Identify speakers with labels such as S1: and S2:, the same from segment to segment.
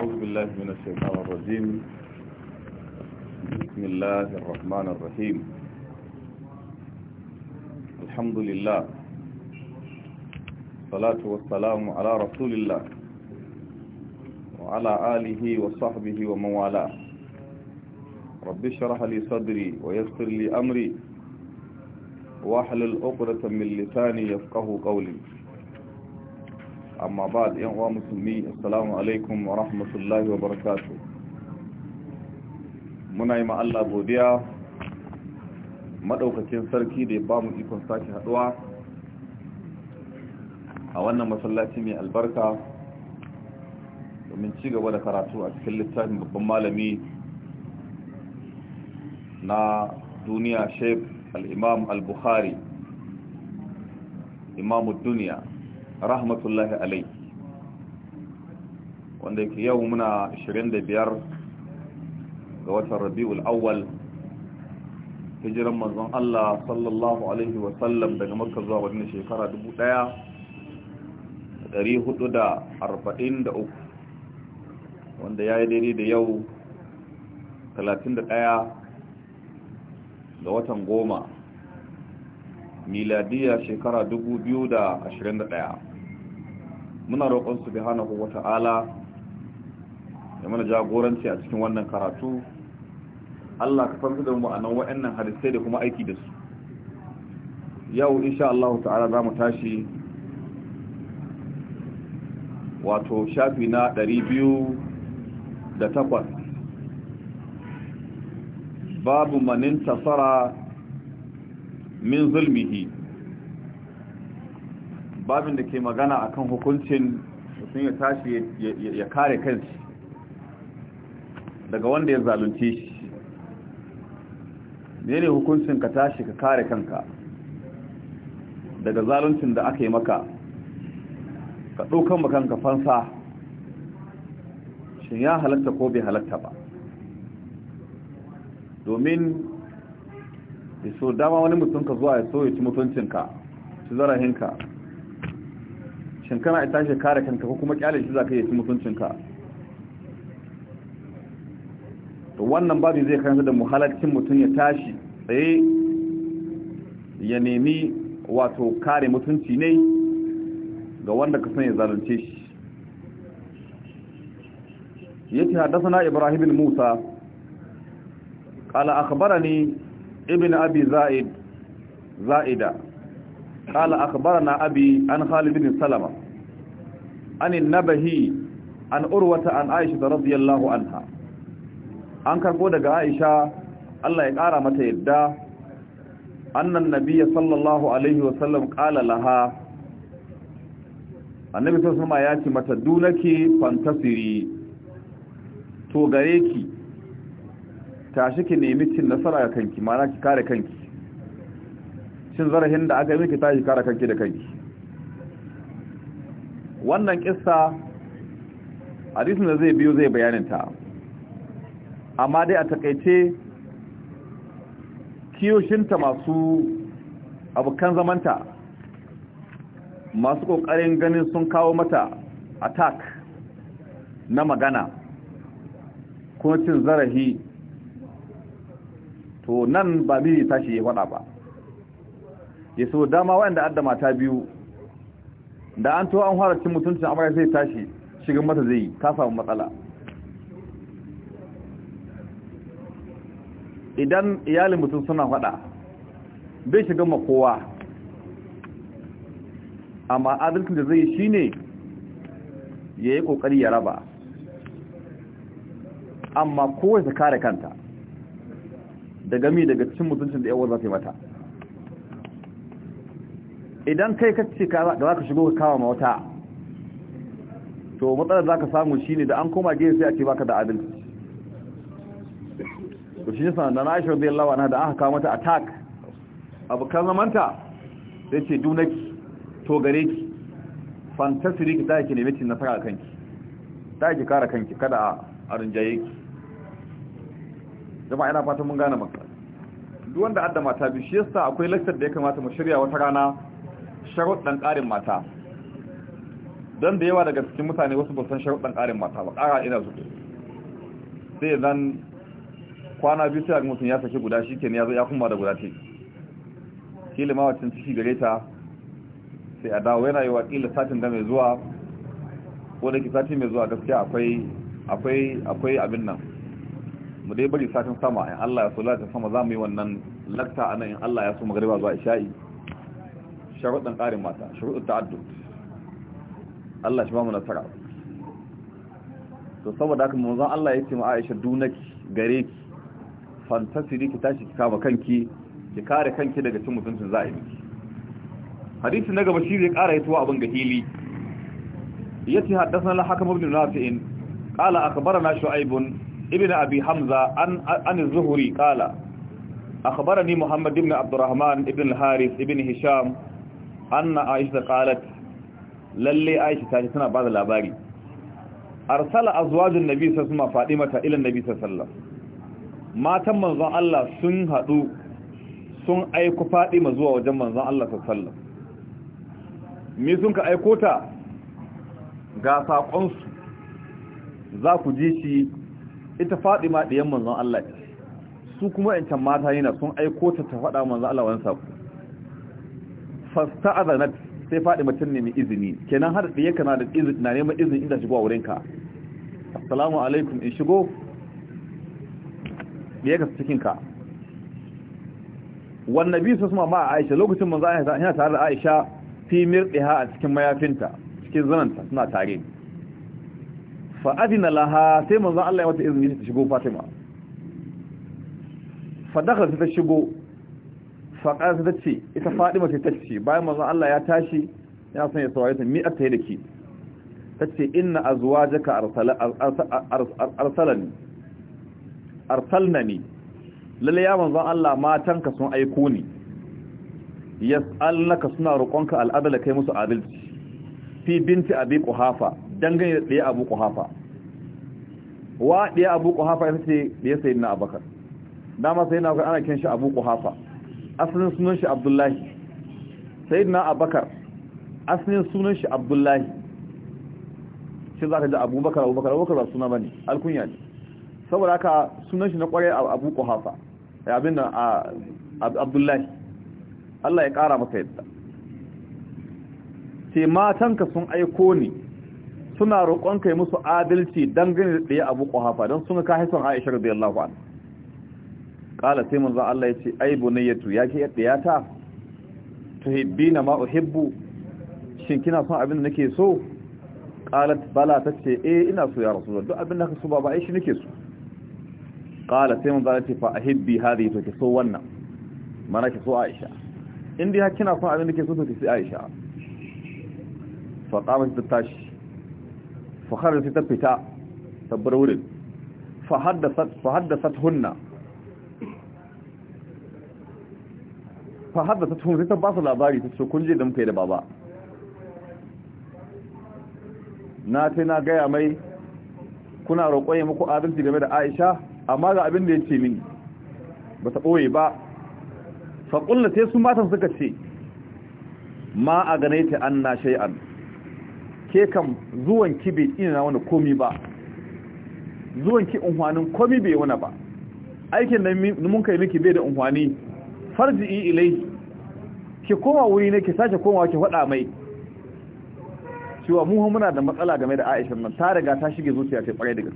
S1: أعوذ بالله من الشيطان الرجيم بسم الله الرحمن الرحيم الحمد لله الصلاة والسلام على رسول الله وعلى آله وصحبه ومن والاه رب اشرح لي صدري ويسر لي أمري واحلل عقدة من لساني يفقه قولي amma ba da yan uwa musulmi assalamu alaikum wa rahmatullahi wa barakatu muna yi Allah godiya madaukakin sarki da ya ba mu ikon sake haduwa a wannan masallaci mai albarka domin ci gaba da karatu a cikin littafin babban malami na duniya shaif al-imam al-bukhari imamu duniya rahmatullahi alai wanda yake yau muna 25 ga watan rabi'ul awwal hijiran manzon Allah sallallahu alaihi wa sallam daga makka zuwa wajen shekara 1443 wanda ya yi daidai da yau 31 ga watan goma miladiya shekara 2021 muna roƙon su subhanahu ta'ala ya mana jagoranci a cikin wannan karatu Allah ka fahimta da mu a nan hadisai da kuma aiki da su yau insha Allah ta'ala za mu tashi wato shafi na ɗari biyu da takwas babu manin tasara min zulmihi babin da ke magana a kan hukuncin sun ya tashi ya kare kansu daga wanda ya zalunce shi ne ne hukuncin ka tashi ka kare kanka daga zaluncin da aka yi maka ka ɗaukan makanka fansa shi ya halatta ko bai halatta ba domin da so dama wani mutum ka zuwa ya so ya ci mutuncinka ci zarahinka shin kana ita shi kare kanka ko kuma kyale shi zaka yi mutuncinka to wannan babu zai kanta da muhalaccin mutum ya tashi tsaye ya nemi wato kare mutunci ne ga wanda ka ya zalunce shi yace hadathana ibrahim bin musa qala akhbarani ibn abi zaid zaida قال أخبرنا أبي عن خالد بن سلمة an nabahi an urwata an aisha radiyallahu anha an karbo daga aisha Allah ya kara mata yadda an annan nabiyya sallallahu alaihi wa sallam kala laha annabi sallallahu alaihi ya ce mata dunaki fantasiri to gare ki tashi ki nemi cin nasara ga kanki ma'ana ki kare kanki cin zarahin da aka yi miki ta tashi kare kanki da kanki wannan kissa hadisin da zai biyo zai bayaninta amma dai a takaice kiyoshinta masu abokan zamanta masu kokarin ganin sun kawo mata attack na magana kuma cin zarafi to nan ba miji tashi ya faɗa ba ya so dama wanda adda mata biyu da an to an fara cin mutuncin amarya zai tashi shigar mata zai yi ta samu matsala idan iyalin mutum suna faɗa bai shiga ma kowa amma adalcin da zai shi ne ya yi ƙoƙari ya raba amma kowai ta kare kanta daga gami daga cin mutuncin da yawon za ta yi mata idan kai ka ce da za ka shigo ka kawo ma wata to matsalar za ka samu shi ne da an koma gini sai a ce baka da abin. to shi ne da na aisha zai lawa na da aka kawo mata attack abu kan zamanta sai ce dunaki to gare ki fantasiri ki ta ki nemi cin nasara a kanki ta ki kara kanki kada a rinjaye ki jama'a yana fatan mun gane maka duk wanda adda mata biyu shi yasa akwai lakcar da ya kamata mu shirya wata rana sharuɗan ƙarin mata don da yawa daga cikin mutane wasu ba san sharuɗan ƙarin mata ba ƙara ina zuɗe sai zan kwana biyu sai mutum ya sake guda shi kenan ya zo ya kuma da guda ce kila ma wacin ciki gare ta sai a dawo yana yi wa kila satin da mai zuwa ko da ke satin mai zuwa gaskiya akwai akwai akwai abin nan mu dai bari satin sama in Allah ya so lati sama za mu yi wannan lakta anan in Allah ya so magariba zuwa isha'i sharuɗin ƙarin mata sharuɗin ta'addud Allah shi ba mu nasara to saboda haka manzon Allah ya ce ma Aisha dunaki gare ki fantasiri ki tashi ki kama kanki ki kare kanki daga cin mutuncin za'imi hadisi na gaba shi zai ƙara yatuwa abin ga hili yace haddathana al-hakim ibn nafi'in qala akhbarana shu'aib ibn abi hamza an an az-zuhri qala akhbarani muhammad ibn abdurrahman ibn Haris harith ibn hisham anna aisha qalat lalle aisha ta tana ba da labari arsala azwajun nabi sallallahu alaihi wasallam fadimata ila nabi sallallahu alaihi wasallam matan manzon Allah sun hadu sun aiko fadima zuwa wajen manzon Allah sallallahu alaihi me sun ka aiko ta ga sakon su za ku ji shi ita fadima diyan manzon Allah su kuma yancan mata yana sun aiko ta ta fada manzon Allah wannan sako fasta'azanat sai Fadima ta nemi izini kenan har da yake na da izini na neman izini inda shigo a wurinka assalamu alaikum in shigo da yake cikin ka wan nabi sallallahu alaihi wasallam Aisha lokacin manzo Aisha yana tare da Aisha fi mirdiha a cikin mayafinta cikin zananta suna tare fa adina laha sai manzo Allah ya mata izini ta shigo Fatima fa dakhala ta shigo faƙar ta ce ita faɗi mace ta ce bayan mazan Allah ya tashi ya sanya ya ta mi'ar ta yi da ke ta ce ina a zuwa jaka arsalani arsalna ne lalle ya mazan Allah matanka sun aiko ni tsallaka suna roƙonka al'adala kai musu adalci fi binti abi hafa, dangane da ɗaya abu quhafa wa ɗaya abu hafa ya ce ɗaya na abakar dama na kai ana kyan shi abu hafa. asalin sunan shi abdullahi na abakar asalin sunan shi abdullahi shi za ka ji abubakar abubakar abubakar ba suna ba ne alkunya ne saboda haka sunan shi na a abu kuhafa abin da abdullahi Allah ya kara masa yadda ce matanka sun aiko ni suna roƙon kai musu adalci dangane da ɗaya abu kuhafa don suna ka haifar aisha radiyallahu anha kala sai manzon Allah ya ce ai bunayyatu ya ke yadda ya ta tuhibbina ma uhibbu shin kina son abin da nake so qalat bala tace eh ina so ya rasulullah duk abin da kake so baba ai shi nake so kala sai manzon Allah ya ce fa uhibbi hadhihi to ke so wannan mana ke so Aisha in dai kina son abin da nake so to ke sai Aisha fa qamat tashi fa kharajat ta fita wurin fa haddathat fa haddathat hunna fa hadda ta tuhum sai ta basu labari ta ce kun je da muka yi da baba na ta na gaya mai kuna roƙon ya muku adalci game da Aisha amma ga abin da ya ce mini ba ta ɓoye ba fa ƙulla sai su matan suka ce ma a gane ta an na shay'an ke kam zuwan ki bai ina na wani komi ba zuwan ki unhwanin komi bai wani ba aikin da mun kai miki bai da unhwani farji'i ilai ki koma wuri ne ki sake komawa ki faɗa mai cewa mu muna da matsala game da Aisha nan ta riga ta shige zuciya ta kware daga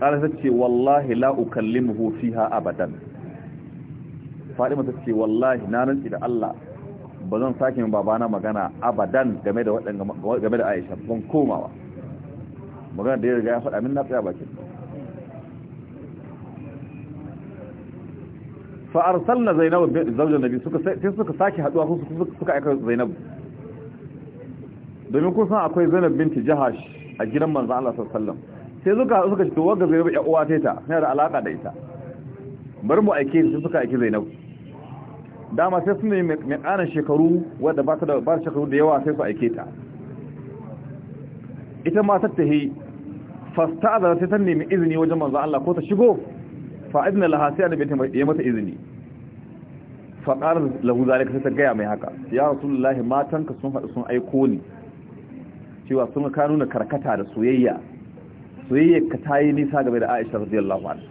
S1: kar ta ce wallahi la ukallimuhu fiha abadan Fatima ta ce wallahi na rantsi da Allah ba zan sake min babana magana abadan game da waɗannan game da Aisha ban komawa magana da ya riga ya faɗa min na tsaya bakin fa arsalna zainab zaujan nabi suka sai suka saki haduwa suka suka aika zainab domin kun san akwai zainab binti jahash a gidan manzo Allah sallallahu alaihi wasallam sai suka suka ce to ga zainab ya uwa ta yana da alaka da ita bar mu aike shi suka aiki zainab dama sai sun yi mai ƙanan shekaru wadda ba ta da ba shekaru da yawa sai su aike ta ita ma ta tahi fasta da sai ta nemi izini wajen manzo Allah ko ta shigo fa izna laha sai annabi ya mata izini fa qala lahu zalika sai ta gaya mai haka ya rasulullahi matanka sun faɗi sun aiko ni cewa sun ka nuna karkata da soyayya soyayya ka tayi nisa game da Aisha radiyallahu anha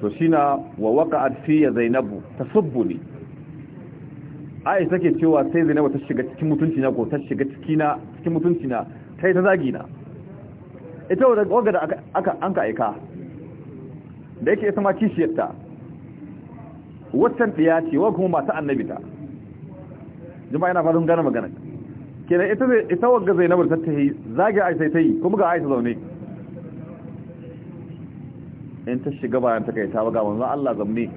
S1: to shina wa waqa'at fi zainabu tasubbuni Aisha take cewa sai Zainabu ta shiga cikin mutunci na ko ta shiga cikin mutuncina cikin sai ta zagina. ita wadda gwagwada aka an ka aika da yake sama kishiyarta waccan ɗiya ce wa kuma mata annabi ta jima yana fadin gane magana kenan ita ita wagga zainabar ta ta yi zagin aisa ta yi kuma ga aisa zaune in ta shiga bayan ta kai ta waga manzon Allah zamne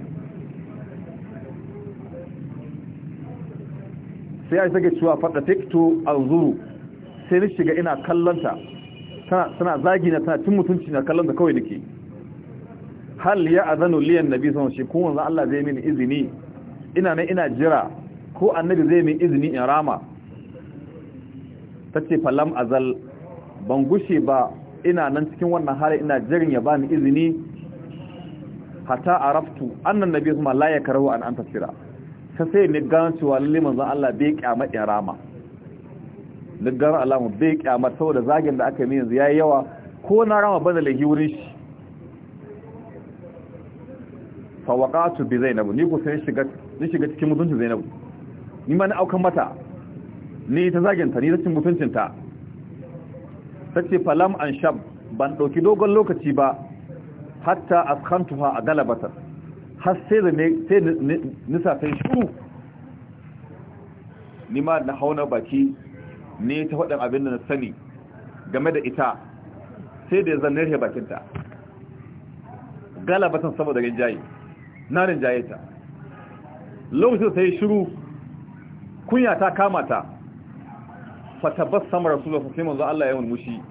S1: sai aisha ke cewa fadda a zuru sai ni shiga ina kallanta tana zagi na tana cin mutunci na kallon da kawai nake hal ya azanu liyan nabi sun shi kuma zan Allah zai mini izini ina nan ina jira ko annabi zai mini izini in rama tace falam azal ban gushe ba ina nan cikin wannan hali ina jirin ya bani izini hatta araftu annan nabi kuma la yakrahu an tafira? sai sai ni gano cewa lalle manzon Allah bai kyama in rama duk garin alamu bai kyamar saboda zagin da aka yi yanzu ya yi yawa ko na rama bana lahi wurin shi fawakatu bi zainabu ni ku sai ni shiga cikin mutuncin zainabu ni ma na aukan mata ni ta zaginta ni ta cin mutuncinta ta ce falam an shab ban ɗauki dogon lokaci ba hatta askantuha a galabatar har sai da sai shuru ma na hauna baki ne ta faɗin abin da na sani game da ita sai da ya zannar ya bakinta galabatan saboda rinjaye na rinjaye ta lokacin yi shiru kunya ta kama ta fatabbas rasu rasulullah sai manzo Allah ya mulmushi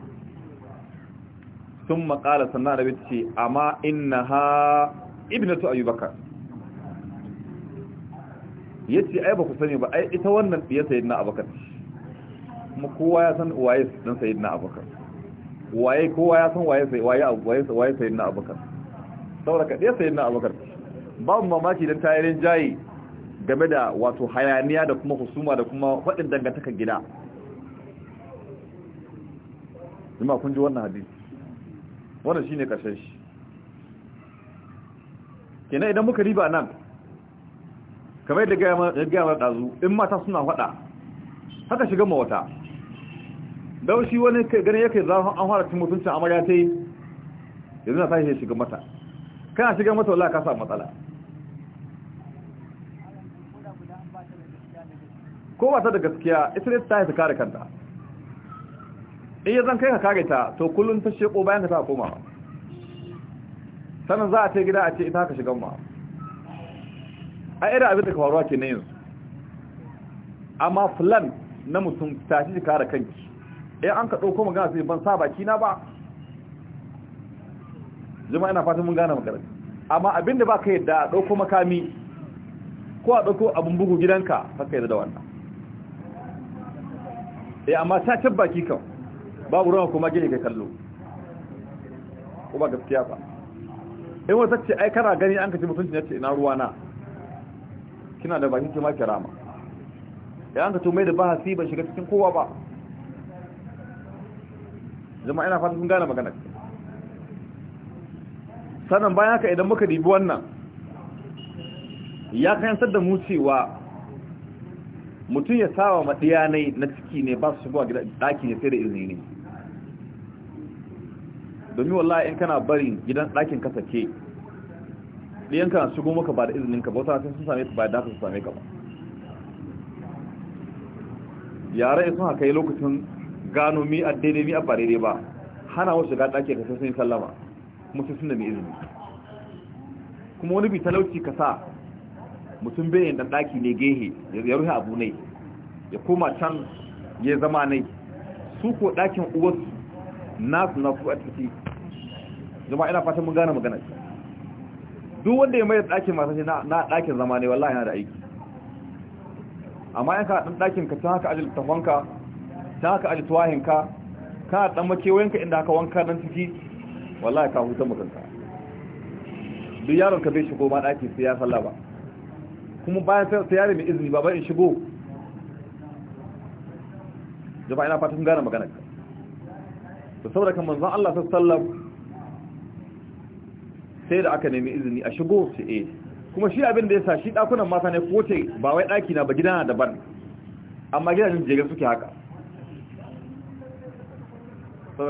S1: sun makala sannan da ce amma ina ha ibnatu ayyubakar ya ce ai ba ku sani ba ai ita wannan ɗiyar sayi na kuma kowa ya san waye dan sayyidina abubakar waye kowa ya san waye sai waye waye waye sayyidina abubakar saboda dai sayyidina abubakar babu mamaki dan tayirin jayi game da wato hayaniya da kuma husuma da kuma fadin dangantaka gida kuma kun ji wannan hadisi wannan shine karshen shi kenan idan muka riba nan kamar yadda ga ga ga zu in mata suna fada haka shiga mawata don shi wani gani yake za an fara cin mutuncin amarya ta yi yanzu na tashi shiga mata a shiga mata wala ka sa matsala ko ba ta da gaskiya ita ne ta ta kare kanta in yi zan kai ka kare ta to kullum ta sheko bayan ka ta koma sannan za a ce gida a ce ita haka shigan ma a irin abin da ka faruwa ke na yanzu amma fulan na mutum ta shi kare kanki eh an ka dauko magana sai ban sa baki na ba jama'a ina fatan mun gane magana amma abinda baka yadda a dauko makami ko a dauko abun bugu gidanka baka yadda da wannan eh amma ta tabbaki kan babu ruwa kuma gine kai kallo ko ba gaskiya ba in wata ce ai kana gani an kace mutunci yace ina ruwa na kina da bakin kima kirama ya eh, an ka to mai da bahasi ban shiga cikin kowa ba jama'a ina fata sun gane magana sannan bayan haka idan muka dibi wannan ya kayantar da mu cewa mutum ya sawa maɗiyanai na ciki ne ba su shigowa daki ne sai da izini ne domin wallahi in kana bari gidan dakin ka sake ɗiyan kana shigo maka ba da izinin ka bauta sai sun same ka ba da su same ka ba yare sun haka yi lokacin gano mi a daidai mi a ba daidai ba hana wasu shiga ɗake ka sun sallama mutum suna mai izini kuma wani bi talauci ka sa mutum bai yin ɗaki ne gehe ya rufe abu ne ya koma can ya zama ne su ko ɗakin uwarsu nasu na su a ciki zama ina fata mun gane magana duk wanda ya mai da ɗakin masu shi na ɗakin zama ne wallahi yana da aiki amma yanka ɗan ɗakin ka ta haka ajiyar tafonka ta haka alituwahinka ka dan ka inda haka wanka nan ciki wallahi ka huta mutunta duk yaron ka bai shigo ma daki sai ya salla ba kuma bayan sai yare mai izini ba in shigo ba ina fata kun gane magana ka to saboda kan manzon Allah sallallahu sai da aka nemi izini a shigo sai eh kuma shi abin da yasa shi dakunan mata ne ko ce ba wai daki na ba gidana daban amma gidajen jere suke haka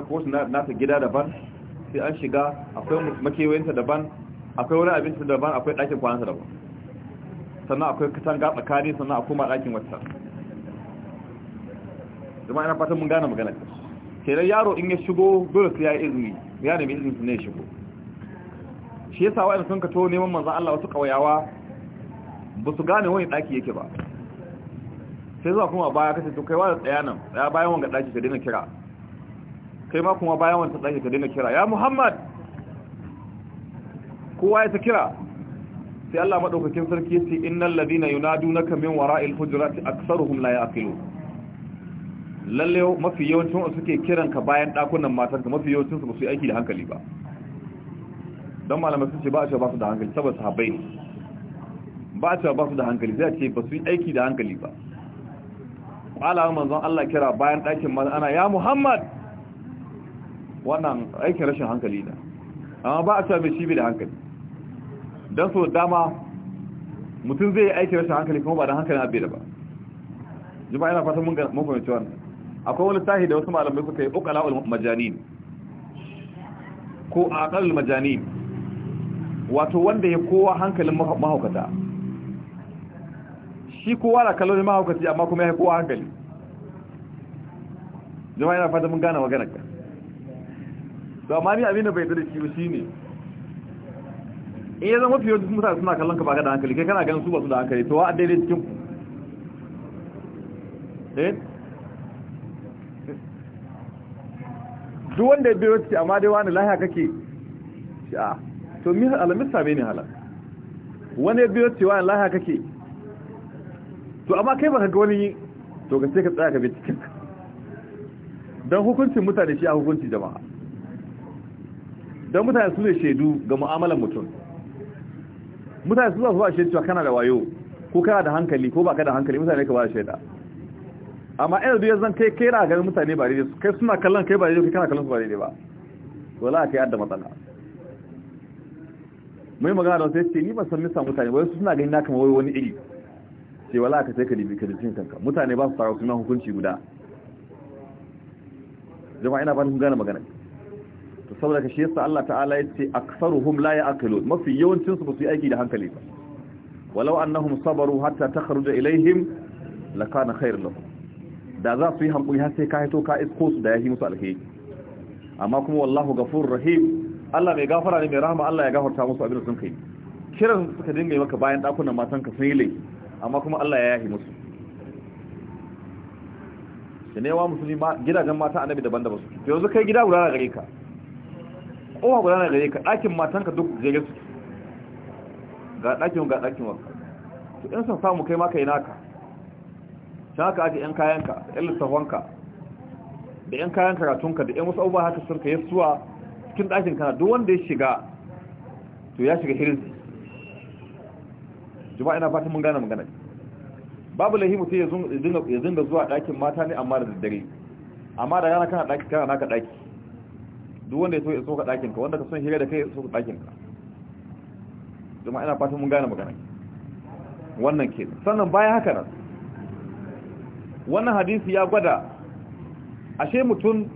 S1: sanar na nasa gida daban sai an shiga akwai makewayinta daban akwai wani abinci daban akwai ɗakin kwanansa daban sannan akwai katanga tsakani sannan a koma ɗakin wata zama ina fatan mun gane magana dai yaro in ya shigo dole su ya yi izini ya nemi izini su ne ya shigo shi yasa wa'in sun kato neman manzan Allah wasu kawayawa ba su gane wani ɗaki yake ba sai zuwa kuma baya kace to kai wa da tsaya nan tsaya bayan wanga ɗaki ka dina kira kai ma kuma bayan wanta tsaki ka daina kira ya muhammad kowa ya ta kira sai Allah maɗaukakin sarki yace innal ladina yunadunaka min wara'il hujurati aktsaruhum la ya'qilun lalle mafi yawancin wanda suke kiran ka bayan dakunan matarka mafi yawancin su ba su yi aiki da hankali ba Don malamai sun ce ba a ce ba su da hankali saboda sahabbai ba a cewa ba su da hankali zai ce ba su yi aiki da hankali ba qala manzon Allah kira bayan ɗakin mata ana ya muhammad wannan aikin rashin hankali ne amma ba a sami shi da hankali don so dama mutum zai yi aikin rashin hankali kuma ba da hankali abin da ba Juma yana fatan mun fahimci wannan akwai wani tahi da wasu malamai suka yi ukala majanin ko a aqal majanin wato wanda ya kowa hankalin mahaukata shi kowa da kallon mahaukaci amma kuma ya kowa hankali Juma yana fatan mun gane maganarka. to amma ni abin da bai da shi ba shine eh zan mafi yau mutane suna kallon ka baka da hankali kai kana ganin su ba su da hankali to wa daidai cikin ku eh? duk wanda ya biyo ce amma dai wani lahiya kake a ah, to mi alamis same ne halar wani ya biyo ce wani lahiya kake to amma kai baka ga wani to ka sai ka tsaya ka bi cikin don hukuncin mutane shi a hukuncin jama'a don mutane su ne shaidu ga mu'amalar mutum mutane su za ba shaidu cewa kana da wayo ko kana da hankali ko baka da hankali mutane ka ba shaida amma yanzu biyar zan kai kai na ganin mutane ba daidai kai suna kallon kai ba daidai kai kana kallon su ba daidai ba wala ka yadda matsala mai magana da wasu ce ni ba san nisa mutane wai su suna ganin na kama wani iri ce wala ka sai ka dibi ka dibi kanka mutane ba su fara su hukunci guda jama'a ina ba gane magana saboda ka shi yasa Allah ta'ala ya ce aksaruhum la ya'qilun mafi yawancin su ba su yi aiki da hankali ba walau annahum sabaru hatta takhruja ilaihim lakana khair lahum da za su yi hankali har sai ka hito ka isko su da yahi musu alheri amma kuma wallahu ghafurur rahim Allah mai gafara ne mai rahama Allah ya gafarta musu abin da sun kai kiran suka dinga yi maka bayan dakunan matanka sun yi laifi amma kuma Allah ya yahi musu da ne wa musulmi gidajen mata annabi daban-daban su yanzu kai gida guda gare ka kowa gudana gare ka ɗakin matanka duk jere su ga ɗakin ga ɗakin wanka to in san samu kai maka yi naka can haka aji 'yan kayanka 'yan ka da 'yan kayan ka da 'yan wasu abubuwa haka sun ka yi suwa cikin ɗakin kana duk wanda ya shiga to ya shiga hirin juma'a ina fatan mun gane magana babu lahi mutum ya dinga zuwa ɗakin mata ne amma da daddare amma da rana kana ɗaki kana naka ɗaki duk wanda ya so ya soka ɗakinka wanda ka son hira da kai ya soka ɗakinka jama'a ina fatan mun gane magana wannan ke sannan baya haka nan wannan hadisi ya gwada ashe mutum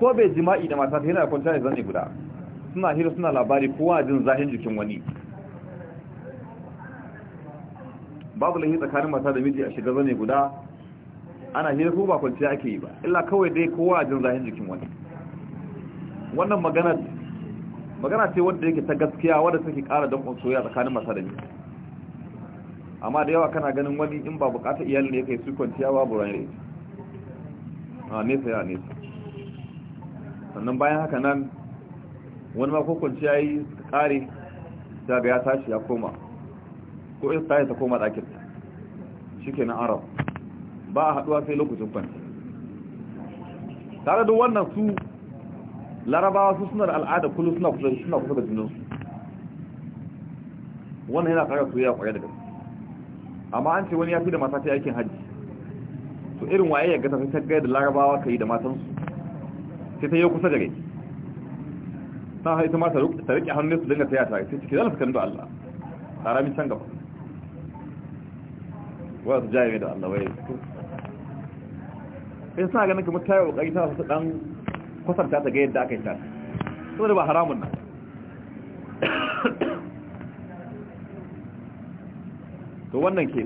S1: ko bai jima'i da mata yana kwanta ne zane guda suna hira suna labari kowa jin zahin jikin wani babu lahi tsakanin mata da miji a shiga zane guda ana hira ko ba kwanciya ake yi ba illa kawai dai kowa jin zahin jikin wani wannan magana magana ce wanda yake ta gaskiya wanda take ƙara dankon soyayya tsakanin masa da ni amma da yawa kana ganin wani in ba bukatar iyali ne kai su kwanciya babu rai, a nesa ya nesa sannan bayan haka nan wani mako kwanciya yi suka kare daga ya tashi ya koma ko in tashi ta koma ɗakinta shi ke na arab ba a haɗuwa sai lokacin kwanci tare da wannan su larabawa su suna da al'ada kullum suna kusa suna kusa da junansu wannan yana kare su ya kware daga amma an ce wani ya fi da mata ta aikin hajji to irin waye ya gata ta gaya da larabawa ka yi da matansu sai ta yi kusa da Ta na haita ma ta rike hannun su dinga taya tare sai ciki zalafi kan da Allah harami can gaba wa su jami da Allah waye sai sa ganin kamar ta yi ta su ɗan kwasanta ta ga yadda aka yi ta saboda ba haramun nan to wannan ke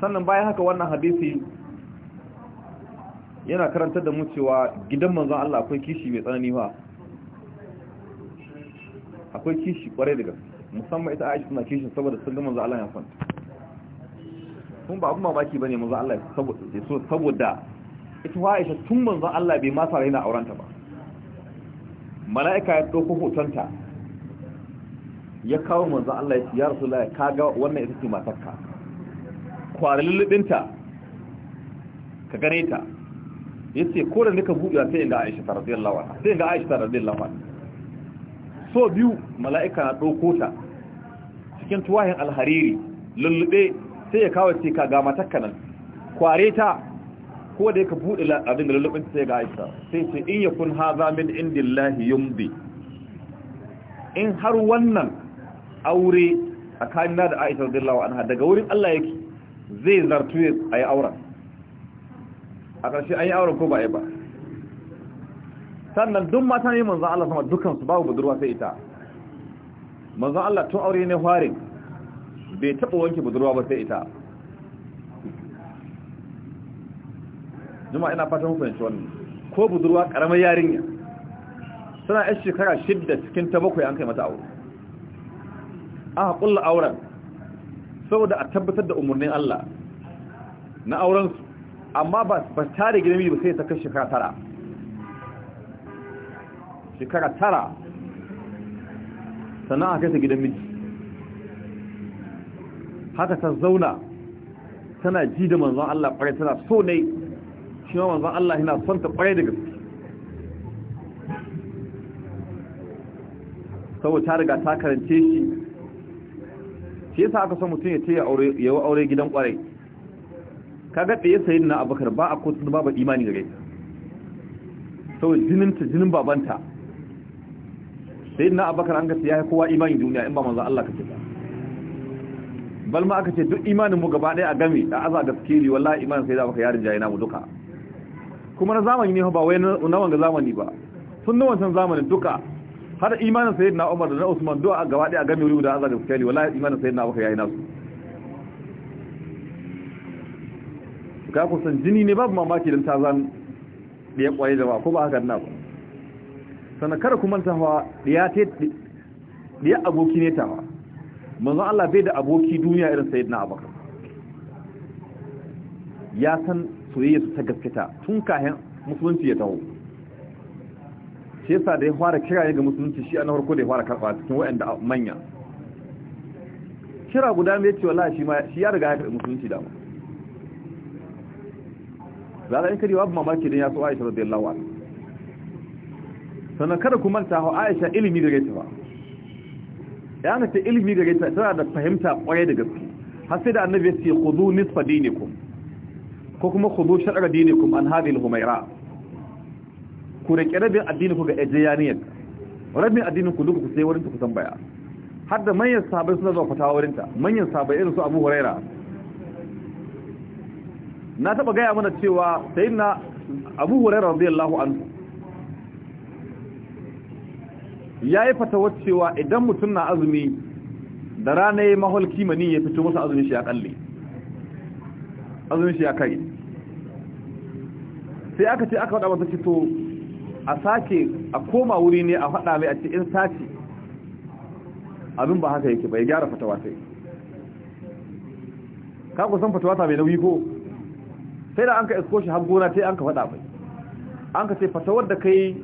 S1: sannan bayan haka wannan hadisi yana karantar da mu cewa gidan manzon Allah akwai kishi mai tsanani ba akwai kishi kwarai da gaske musamman ita Aisha suna kishin saboda sun ga manzon Allah ya kwanta kuma ba abun mamaki ne manzon Allah saboda ita wa aisha tun manzon Allah bai masa raina aurenta ba mala'ika ya dauko hotonta ya kawo manzon Allah ya ce ya rasulullahi kaga wannan ita ce matarka kwarilulubinta ka gane ta yace ko da nika buɗe sai inda Aisha radiyallahu anha sai inda Aisha radiyallahu anha so biyu mala'ika na ɗauko ta cikin tuwahin alhariri lullube sai ya kawo ce ka ga matakka nan kware ta ko da yake bude abin da lullubin sai ga Aisha sai ce in yakun hadha min indillahi yumdi in har wannan aure tsakanina da Aisha radiyallahu anha daga wurin Allah yake zai zartu ayi auren a ƙarshe an yi auren ko ba ayi ba sannan duk mata ne manzo Allah sama su babu budurwa sai ita manzo Allah tun aure ne farin bai taɓa wanke budurwa ba sai ita juma'a ina fatan mun fahimci wannan ko budurwa karamar yarinya suna yan shekara shidda cikin ta bakwai an kai mata aure aka kulla auren saboda a tabbatar da umarnin Allah na auren su amma ba ba tare miji ba sai ta kai shekara tara shekara tara sannan aka kai ta gidan miji haka ta zauna tana ji da manzon Allah kwarai tana so ne cewa ma manzan Allah yana son ta kwarai da gaske saboda ta riga ta karance shi shi yasa aka son mutum ya ce ya wa aure gidan kwarai kaga da ya sayi na abakar ba a kotun ba ba imani gare ta saboda jininta jinin babanta sai na abakar an gasa ya yi kowa imanin duniya in ba manzan Allah kake ba balma aka ce duk imanin mu gaba ɗaya a game da aza gaskiri wallahi imanin sai da baka yarin jaye mu duka kuma na zamani ne ba wai na wanga zamani ba sun nan wancan zamanin duka har imanin sayyidina Umar da na Usman du'a gaba daya game wuri da azza da kai wallahi imanin sayyidina Abu yayi nasu ga ku san jini ne babu mamaki dan tazan da ya kwaye da ba ko ba haka na ba sannan kar ku manta fa ya te ya aboki ne ta ba manzo Allah bai da aboki duniya irin sayyidina Abubakar ya san soyayya su ta gaskata tun kayan musulunci ya taho shi da ya fara kiraye ga musulunci shi an harko da ya fara karba cikin waɗanda manya kira guda mai ce wallahi shi ma shi ya riga ya karbi musulunci da mu zalla yi kariwa abuma mamaki dan ya so Aisha radiyallahu anha sannan kada ku manta ha Aisha ilimi gare ta ba ya nace ilimi gare ta tana da fahimta kwarai da gaske har sai da annabi ya ce khudhu nisfa dinikum ko kuma ku zo shaɗar kuma an hadil humaira ku rike rabin addini ku ga ejiyaniyar rabin addini ku duka ku sai wurinta ku san baya har da manyan sabai suna zuwa fatawa wurinta, manyan sabai irin su Abu Huraira na taba gaya mana cewa na Abu Huraira radiyallahu Ya yi fata cewa idan mutum na azumi da rana mahol maholki mani ya fito masa azumin shi a kalle azumin shi ya kai, sai aka ce aka faɗa masa ce to a sake a koma wuri ne a faɗa mai a ce in sace abin ba haka yake bai gyara fatawa sai ka ku san fatawa ta mai nauyi ko sai da an ka isko shi har gona sai an ka faɗa mai an ka ce fatawar da kai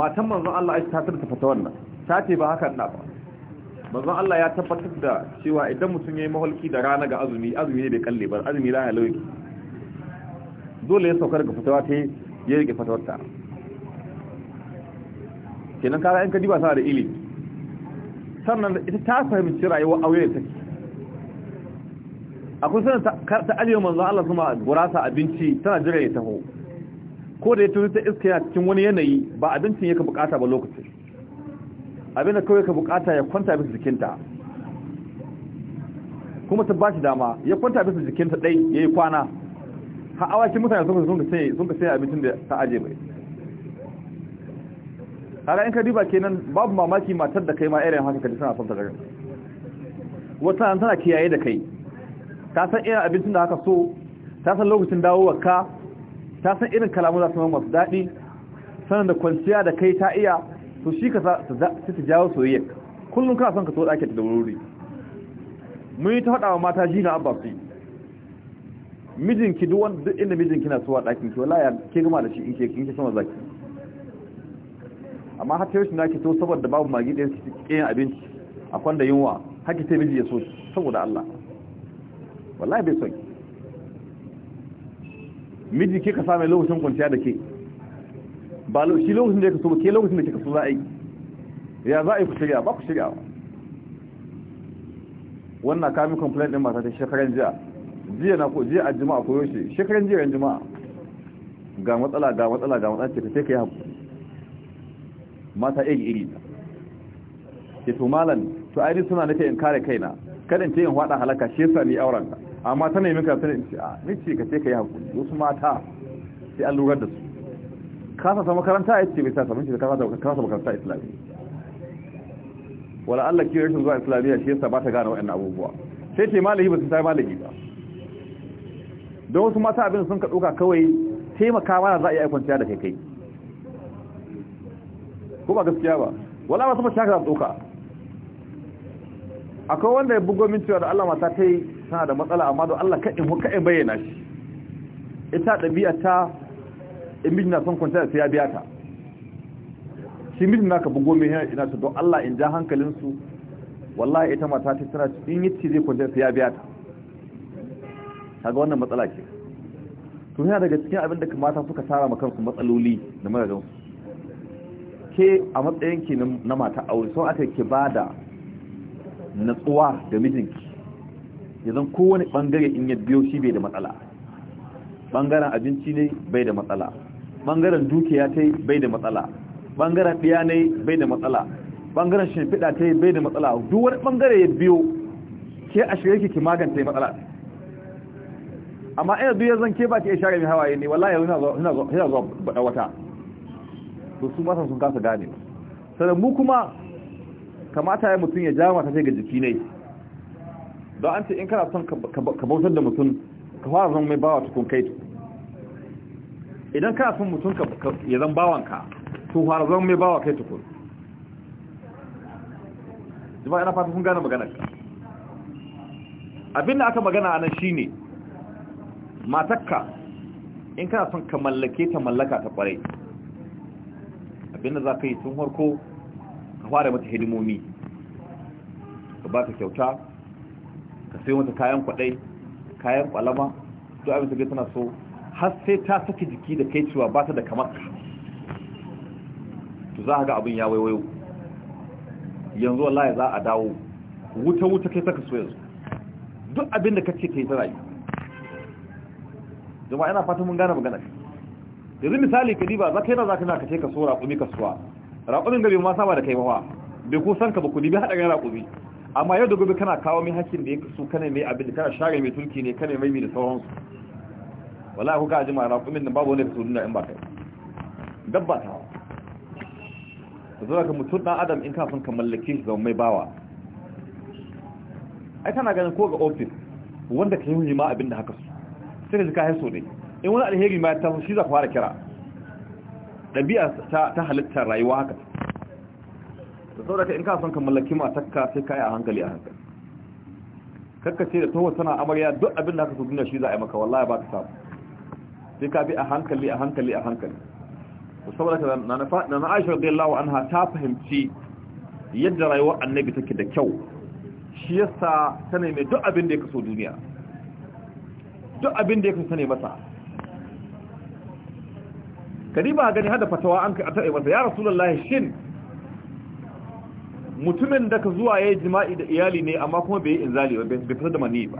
S1: matan manzon Allah aisha ta tada fatawar nan ta ce ba haka na ba manzon Allah ya tabbatar da cewa idan mutum yayi maholki da rana ga azumi azumi ne bai kalle ba azumi la lauki dole ya saukar ga fatawa ta ya rike fatawar ta kenan kaga in ka diba sa da ilimi sannan ita ta fahimci rayuwar aure ta akwai sanin ta aliyu manzon Allah kuma gurasa abinci tana jira ya taho ko da ya ta iska yana cikin wani yanayi ba abincin yake bukata ba lokacin abinda kawai ka bukata ya kwanta bisa jikinta kuma ta bashi dama ya kwanta bisa jikinta dai yi kwana har awakin mutane sun sun sai sun abincin da ta aje mai kaga in ka diba kenan babu mamaki matar da kai ma irin haka kaji suna son ta wata nan tana kiyaye da kai ta san irin abincin da haka so ta san lokacin dawowar ka ta san irin kalamu za su masu daɗi sanar da kwanciya da kai ta iya to shi ka sai ta jawo soyayya kullum ka son ka so dake da wuri mun yi ta hada wa mata jina abba fi. mijinki duk duk inda mijinki na suwa ɗakin ki wala ke gama da shi in ke kin ki sama zaki amma har shi na ki so saboda babu magi ɗaya ki kiyan abinci a kwanda yunwa haki sai miji ya so saboda Allah wallahi bai so miji ke ka same lokacin kwanciya da ke ba shi lokacin da ya kaso ke lokacin da ka so za a yi ya za a yi ku shirya ba ku shirya ba wannan kamin complain din mata ta shekaran jiya jiya na ko jiya a jima'a ko yoshe shekaran jiya jima'a ga matsala ga matsala ga matsala ce ka sai ka yi haku mata iri iri ke to malam to ainihin suna nake in kare kaina kada in ce in hada halaka shi yasa ni auren ka amma ta nemi ka sai in ce a ah, ni ce ka sai ka yi haku wasu mata sai an lura da su ka sasa makaranta ya ce bai sasa mun shi ka sasa makaranta islamiyya wala Allah kiyar rashin zuwa islamiyya shi yasa ba ta gane waɗannan abubuwa sai ce malayi ba su sai malayi ba don wasu mata abin sun ka ɗauka kawai taimaka mana za a yi aikwanciya da kai kai ko ba gaskiya ba wala ba su mace haka ɗauka akwai wanda ya bugo min cewa da Allah mata ta yi sana da matsala amma don Allah ka'in bayyana shi ita ɗabi'a ta in miji na son kwanta da ya biya ta shi mijin ka bugo mai yana ina ta don Allah in ja hankalinsu wallahi ita mata ta tana in ci zai kwanta da ya biya ta kaga wannan matsala ke? to yana daga cikin abin da mata suka tara maka kansu matsaloli da magagan ke a matsayin ki na mata aure sau aka ki da natsuwa da mijinki yanzu kowane bangare in yi biyo shi bai da matsala bangaren abinci ne bai da matsala bangaren dukiya ta yi bai da matsala bangaren ɗiya bai da matsala bangaren shimfiɗa ta yi bai da matsala duk wani bangare ya biyo ke a shirya ki magance matsala amma ina duk zan ke ba ke share mai hawaye ne wallahi yana zuwa baɗa wata to su ba sun kasa gane sannan mu kuma kamata ya mutum ya jama ta ce ga jiki ne don an ce in kana son ka bautar da mutum ka fara zama mai bawa tukun kai idan ka sun mutum ya zan bawanka to fara zan mai bawa kai tukun jama'a ina fata sun gane maganar ka abin da aka magana a nan shine matakka in kana son ka mallake ta mallaka ta kware abin da za ka yi tun harko ka fara mata hidimomi ka ba ta kyauta ka sai mata kayan kwadai kayan kwalama duk abin da tana so har sai ta saki jiki da kai cewa ba ta da kamar to za ga abin ya waiwayo yanzu wallahi za a dawo wuta-wuta kai saka so yanzu duk abin da ka ce kai ta rayu jama'a yana fata mun gane magana yanzu misali ka diba za ka yana za ka na ka ce ka so raƙumi ka suwa raƙumin gabe ma saba da kai mawa bai kusan ka ba ku bai haɗa ga raƙumi amma yau da gobe kana kawo mai hakkin da ya so kana mai abin da kana share mai tulki ne kana mai mai da sauransu Wala ko ka ji ma raƙumin babu wani ka tsuduna in ba kai dabba ta ka zo ka mutu dan adam in kafin ka mallake shi ga mai bawa ai kana ganin ko ga office wanda ka yi ma abinda haka su sai ka ji ka haiso ne in wani alheri ma ya tafi shi za ka fara kira ɗabi'a ta halittar rayuwa haka da sauraka in ka son ka mallaki takka sai ka yi a hankali a hankali kakka ce da taho tana amarya duk abin da haka su duniya shi za a yi maka wallahi ba ka samu sai ka bi a hankali a hankali a hankali saboda ka na na Aisha radiyallahu anha ta fahimci yadda rayuwar annabi take da kyau shi yasa ta nemi duk abin da ya kaso duniya duk abin da ya kaso ne masa kadiba gani hada fatawa an a taɓa masa ya rasulullahi shin mutumin da ka zuwa ya jima'i da iyali ne amma kuma bai yi inzali ba bai fitar da mani ba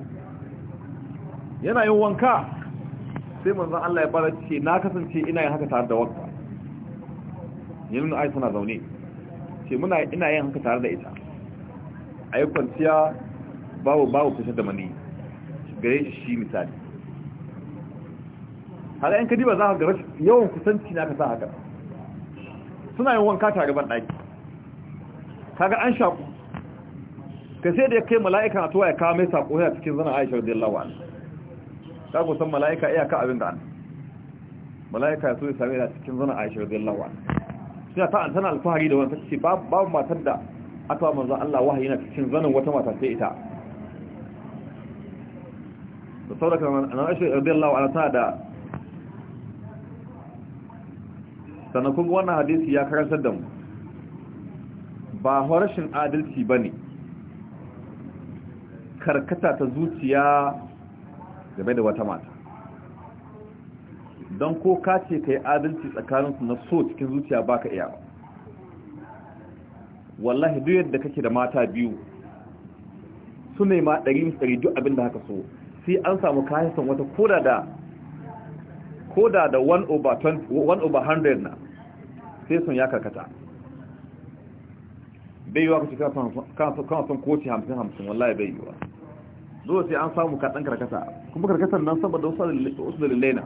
S1: yana yin wanka sai manzan Allah ya fara ce na kasance ina yin haka tare da wakka yin ai suna zaune ce muna ina yin haka tare da ita a yi kwanciya babu babu fitar da mani gare shi shi misali har yan kadiba za ka gara yawan kusanci na ka sa haka suna yin wanka tare ban daki kaga an shaku ka sai da ya kai mala'ika a tuwa ya kawo mai sako ya cikin zana Aisha radiyallahu anha ta ku san mala'ika iyaka abin da an mala'ika su so ya da cikin zana aisha radiyallahu anha suna ta tana alfahari da wani ce babu matar da aka wa manzan Allah wahayi na cikin zanen wata mata sai ita da sauraka nan aisha radiyallahu anha ta da sannan kun wannan hadisi ya karantar da mu ba horashin adalci bane karkata ta zuciya game da wata mata don ko ka ce ka yi adalci tsakaninsu na so cikin zuciya ba ka iya wallahi duk yadda kake da mata biyu su ne ma ɗari ɗari duk abin haka so sai an samu kayan wata koda da koda da 1 over 100 na sai sun ya karkata bai ka ce kana son hamsin hamsin wallahi bai dole sai an samu kaɗan karkasa kuma karkatar nan saboda wasu dalilai na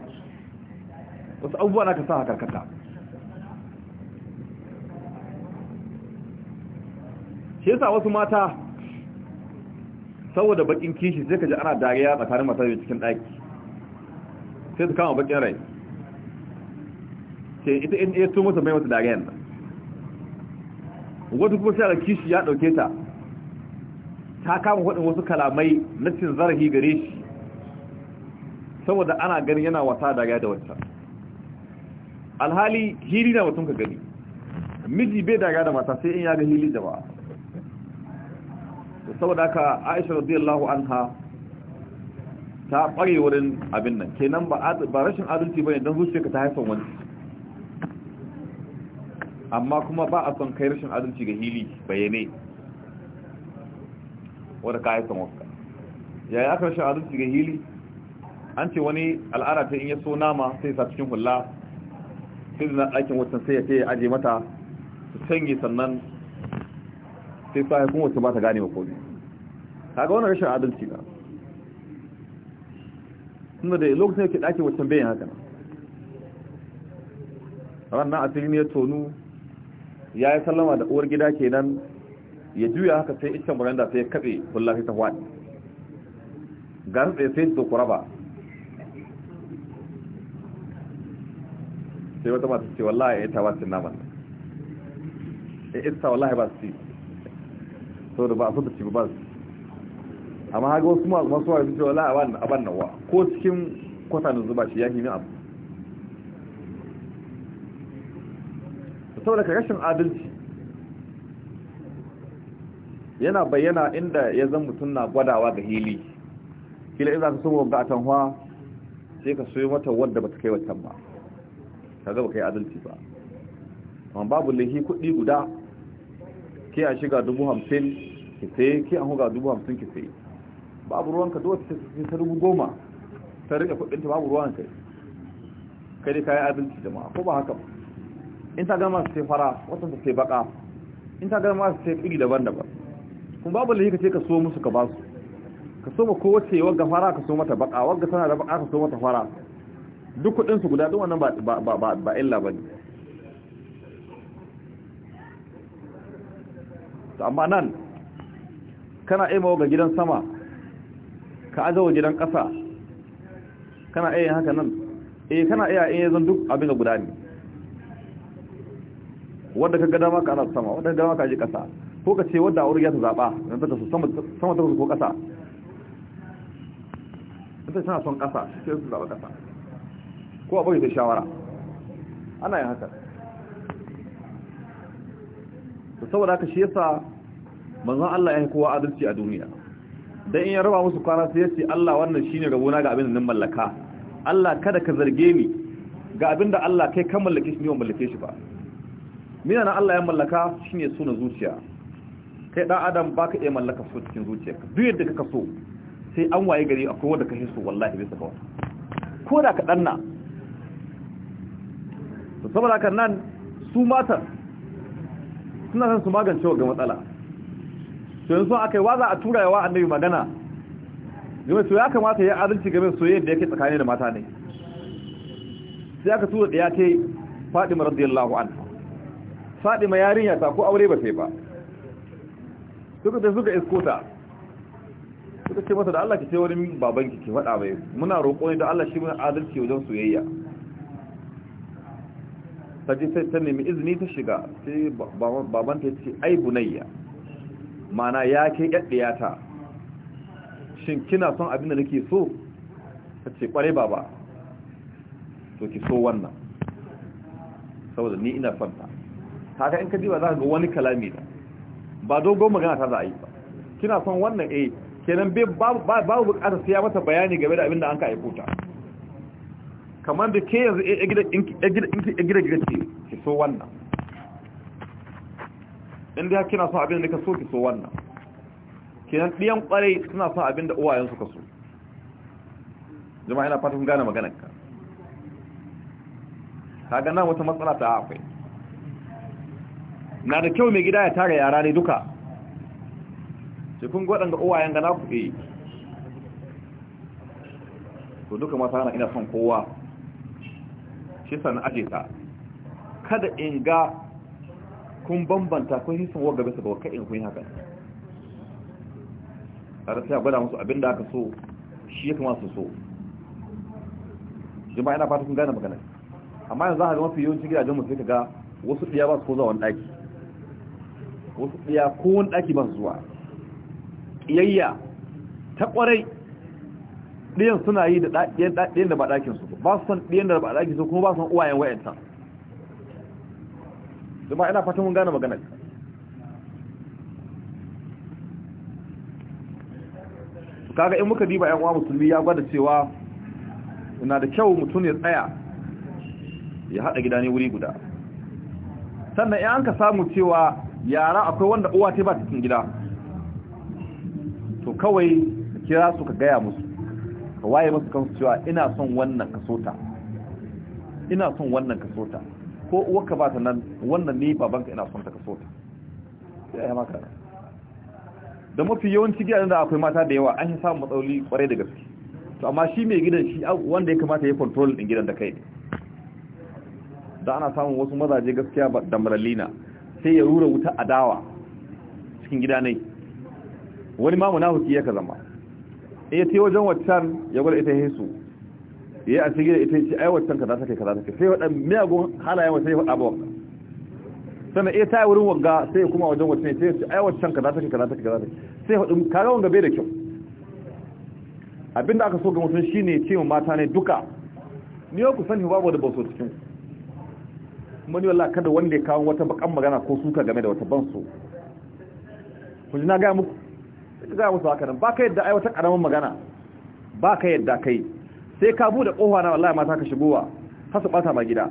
S1: wasu abubuwa na ka sa karkata shi yasa wasu mata saboda bakin kishi sai ka ji ana dariya tsakanin masu yau cikin ɗaki sai su kama bakin rai ke ita in iya tumo su mai wata dariyan nan wata kuma shi da kishi ya ɗauke ta ta kama waɗin wasu kalamai na cin zarafi gare shi saboda ana ganin yana wasa daga da wata alhali hili na mutum ka gani miji bai daga da mata sai in ya ga hili da ba saboda haka aisha radiyallahu anha ta ɓare wurin abin nan kenan ba rashin adalci ne don ka ta haifan wani amma kuma ba a son kai rashin adalci ga hili bayanai wadda ka haifan wasu yayin aka rashin adalci ga hili an ce wani al'ada ta in ya so nama sai sa cikin hula sai da aikin wacce sai ya ce aje mata su canye sannan sai sa haifin wacce ba ta gane wa komi kaga wani rashin adalci ga suna da lokacin yake ɗakin wacce bayan haka ranar asirin ya tonu ya yi sallama da uwar gida kenan ya juya haka sai iccen baranda sai ya kabe kullafi ta faɗi garin tsaye sai da kuraba sai wata mata ce wallahi ya ta ba cin naman ya eh, isa wallahi ba su ci saboda ba a so ci ba su amma haka wasu masu wa su ce wallahi a ban nawa ko cikin kwatanin zuba shi ya himi abu saboda ka rashin adalci yana bayyana inda ya zan mutum na gwadawa ga hili kila iza ka samu ga atanwa sai ka soyo mata wadda ba ta kai watan ba ka gaba ka kai adalci ba amma babu lahi kudi guda ke a shiga dubu hamsin ki sai ke an huga dubu hamsin ki sai babu ruwanka dole ta dubu goma ta rika ta babu ruwan kai dai kayan adalci jama'a ko ba haka in ta gama su sai fara watan ta sai baka in ta gama su sai iri daban-daban kuma babu lahi ka ce ka so musu ka ba su ka so ma kowace wagga fara ka so mata baka wagga tana da baka ka so mata fara duk kudin su guda duk wannan ba ba ba ba illa bane to amma nan kana aima wagga gidan sama ka wa gidan kasa kana ayin haka nan eh kana iya in yanzu duk abin guda ne wanda ka ga dama ka ana sama wanda ka ga dama ka ji kasa ko ka ce wadda aure ya ta zaɓa don ta su sama ta ko ƙasa ta tana son ƙasa sai su zaɓa ƙasa
S2: ko a bai ta shawara
S1: ana yin haka da saboda haka shi yasa manzan Allah ya yi kowa adalci a duniya Don in ya raba musu kwana sai ya ce Allah wannan shi ne rabona ga abin da nan mallaka Allah kada ka zarge ni ga abin da Allah kai ka mallake shi ne wa mallake shi ba mina na Allah ya mallaka shi ne suna zuciya sai dan adam baka iya mallaka su cikin zuciyarka duk yadda kaka so sai an waye gari akwai wanda kake so wallahi bisa kawai ko da ka danna to saboda kan nan su matan suna san su magance wa matsala to yanzu akai wa za a tura yawa annabi magana game to ya kamata ya adalci game soyayya da yake tsakani da mata ne sai aka tura da ya ce Fadima radiyallahu anha Fadima yarinya ta ko aure ba sai ba suka ta suka iskota suka ce masa da Allah ki ce wani babanki ki faɗa bai muna roƙo ne da Allah shi mun adalci wajen soyayya ta sai ta nemi izini ta shiga sai baban ta ce ai bunayya mana ya ke yaddaya ta shin kina son abin da nake so ta ce kware baba to ki so wannan saboda ni ina son haka in ka ji ba za ka ga wani kalami da ba dogon magana ta za a yi ba kina son wannan eh kenan babu bukatar sai ya mata bayani game da abin da an ka aiko ta kamar da ke yanzu ya eh, eh, eh, gida gida ce ki so wannan inda ya kina son abin da ka so ki so wannan kenan ɗiyan ƙwarai suna son abin da uwayen suka so jama'a yana fatan gane maganar ka kaga nan wata matsala ta akwai na da kyau mai gida ya tara yara ne duka cikin waɗanda uwayen gana ku ɗaya eh. to duka masu hana ina son kowa shi sana ake ta kada in ga kun bambanta kun hisan wa gaba saboda ka'in kun yi haka tare sai a gwada musu abinda aka so shi ya su so jima'a ina fata kun gane magana amma yanzu za a ga mafi yawancin gidajen musu ka ga wasu ɗiya ba su ko zawon ɗaki wasu ɗaya ko wani ɗaki ba zuwa ƙiyayya ta ƙwarai ɗiyan suna yi da ɗiyan da ba su. ba su san ɗiyan da ba su kuma ba su san uwayen wa'yanta zama ina fatan mun gane magana kaga in muka diba yan uwa musulmi ya gwada cewa na da kyau mutum ya tsaya ya haɗa gida ne wuri guda sannan in an ka samu cewa yara akwai wanda uwa ta ba cikin gida to kawai ka kira su ka gaya musu ka waye musu kansu cewa ina son wannan kasota ina son wannan kasota ko ka ba ta nan wannan ne babanka ina son ta kasota sai ya maka da mafi yawanci gidan da akwai mata da yawa an yi samun matsaloli kwarai da gaske to amma shi mai gidan shi wanda ya kamata ya control din gidan da kai da ana samun wasu mazaje gaskiya da maralina sai ya rura wuta adawa cikin gida ne wani ma munafiki ka zama eh tai wajen waccan ya gwada ita hesu ya a cikin ita ce ai waccan ka za ta kai sai wadan miyagun halayen wata ya faɗa ba sannan eh ta wurin wanga sai kuma wajen waccan sai ce ai waccan ta kai ka za ta kai sai faɗin kaga wanga bai da kyau abinda aka so ga mutum shine ce mata ne duka ni ku sani babu da ba so cikin ku kuma ni kada wanda ya kawo wata bakan magana ko suka game da wata ban so ku ji na ga muku ga musu haka nan ba ka yadda ai wata karamin magana ba ka yadda kai sai ka bude kofa na wallahi mata ka shigowa ka su bata ma gida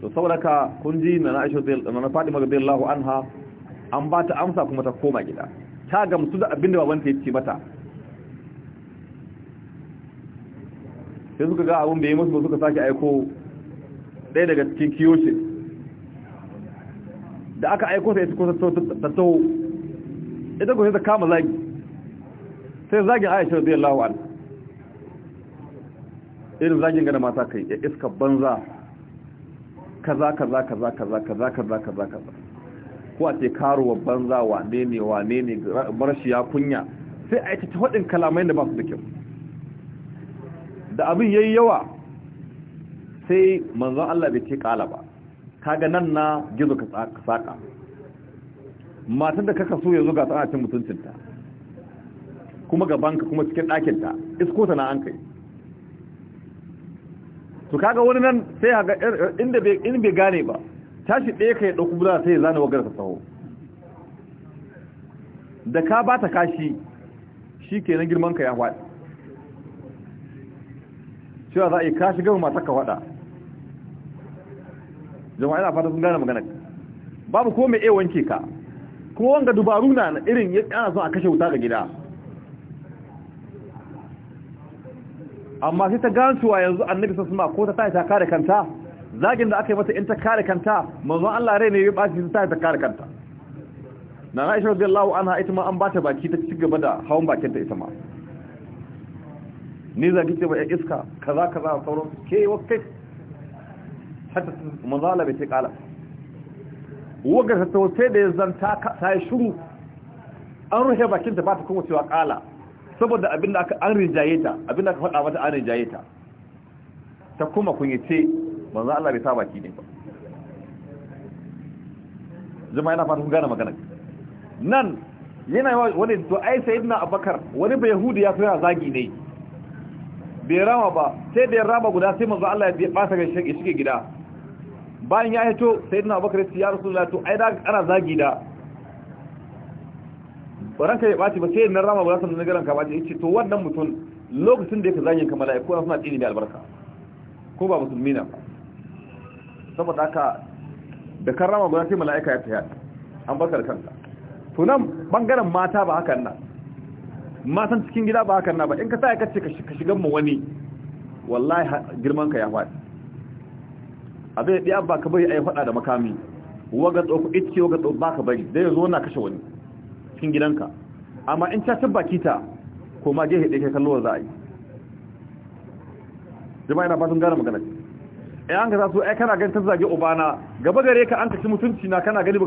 S1: to saboda ka kun ji na Aisha na Fatima radiyallahu anha an ba ta amsa kuma ta koma gida ta gamsu da abinda babanta ya ce mata sai suka ga abin bai musu suka sake aiko ɗaya daga cikin kiyoshi da aka aiko sai su kusa ta taho ita kusa ta kama zagi sai zagin aisha radiyallahu an irin zagin gana mata kai ya iska banza kaza kaza kaza kaza kaza kaza kaza kaza ko ce karuwa banza wane ne wane ne marshiya kunya sai a ta haɗin kalamai da ba su da kyau da abin yayi yawa sai manzon Allah bai ce kala ba kaga nan na gizo ka saka matan da kaka so yanzu ga tana cin mutuncinta kuma ka kuma cikin ɗakin ta, isko ta na an kai to kaga wani nan sai haga er, er, inda bai in bai gane ba tashi ɗaya kai ɗauku bula sai zana wagar ka saho da ka ba ta kashi shi shikenan girman ka ya faɗi cewa za a yi kashi gama mata ka faɗa jama'a yana fata sun gane magana babu ko mai a wanke ka kuma wanga dubaru na irin ya ana son a kashe wuta ga gida amma sai ta gane cewa yanzu annabi sun suna ko ta tashi ta kare kanta zagin da aka yi mata in ta kare kanta manzo Allah rai ne ya bashi ta tashi ta kare kanta na Aisha radiyallahu anha ita ma an ba ta baki ta ci gaba da hawan bakinta ita ma ne za ki ce ba ya iska kaza kaza a sauran ke wakai hatta mazala bai ce kala wagar ta tausai da ya zanta ta yi shuru an rufe bakin ta ba ta kuma cewa kala saboda abinda aka an rinjaye ta abinda aka faɗa mata an rinjaye ta ta kuma ce manzo Allah bai sa baki ne ba zama yana fata ku gane magana nan yana wani to ai sayyidina abakar wani bai yahudi ya fara zagi ne bai rama ba sai da ya rama guda sai manzo Allah ya fasa ga shi shige gida bayan ya hito sayyidina Abubakar ya Rasulullahi to ai da ana zagi da baran ka ya baci ba sai nan rama ba san na garan ka baci yace to wannan mutum lokacin da yake zagin ka mala'iku suna tsini mai albarka ko ba musulmi na saboda haka da kan rama ba sai mala'ika ya tsaya an bakar kanka to nan bangaren mata ba hakan nan matan cikin gida ba hakan na ba in ka sa ya kace ka shigan mu wani wallahi girman ka ya faɗi abin da ba ka bari a yi faɗa da makami waga tsoko itce waga tsoko ba ka bari dai zo na kashe wani cikin gidanka amma in ta baki ta ko ma gehe ɗaya kai kallowar za a yi jama'a ina fatan gane magana eh an za su eh kana ganin ta zage obana gaba gare ka an ci mutunci na kana gani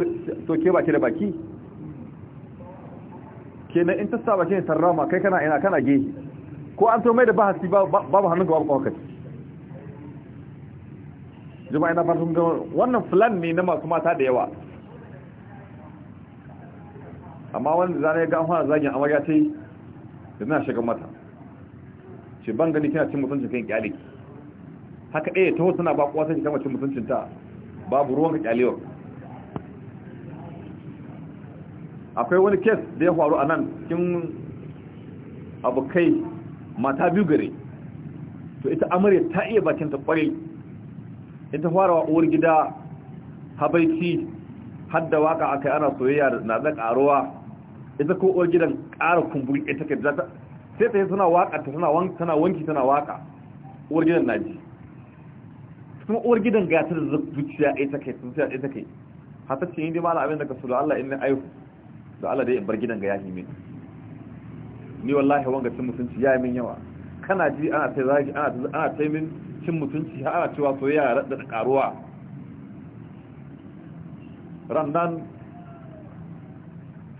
S1: to ke baki da baki kenan in ta saba bakin tarrama kai kana ina kana gehe ko an to mai da bahasi babu hannun babu kwakwaci jama'a ina farkon ga wannan plan ne na masu mata da yawa amma wanda zane ga hawa zagin amarya ce da na shiga mata ce ban gani kina cin mutuncin kan kyale haka ɗaya ta hotu ba kuwa sai kama cin mutuncin ta babu ruwan ka kyalewar akwai wani kes da ya faru a nan cikin abokai mata biyu gare to ita amarya ta iya bakin ta kware ita farawa uwar gida habaici hadda waka akai ana soyayya da na zaka ruwa ita ko uwar gidan kara kumburi ita ke zata sai ta yi suna waka ta suna wanki tana wanki tana waka uwar gidan ji kuma uwar gidan ga ta da zuciya ita ke zuciya ita ke hatta ce ni dai mala abin da ka sulu Allah in na aihu to Allah dai in bar gidan ga yahi min ni wallahi wanga cin mutunci yayi min yawa kana ji ana sai zagi ana ta ana sai min cin mutunci har ana cewa soyayya da karuwa randan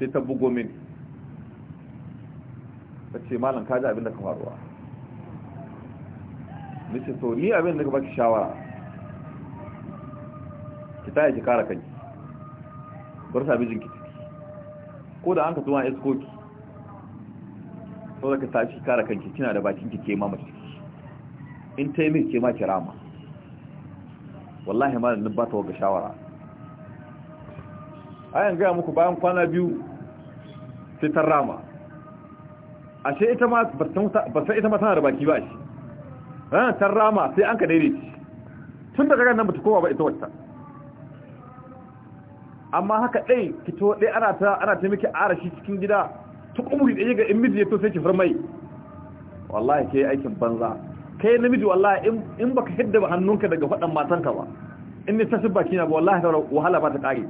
S1: sai ta bugo min ta ce malam ka ji abinda ka faruwa nace to ni abinda ka baki shawara ki taya ki kara kanki bar sa mijinki ko da an ka zuwa iskoki so da ka tashi kare kanki kina da bakin ki ma mace in ta yi min kema kirama wallahi malamin ba ta waga shawara ayan gaya muku bayan kwana biyu sai ta rama a ashe ita ma ba san ita ma tana da baki ba shi ranar ta rama sai an ka daidaiti tun da gani nan ba ta kowa ba ita wata amma haka ɗai fito ɗai ana ta ana ta miki arashi cikin gida kuma ɗaya ga in miji ya to sai ki farmai wallahi ke aikin banza kai namiji wallahi in baka hidda ba hannunka daga matan matanka ba in ne ta shi baki na ba wallahi ta wahala ba ta ƙare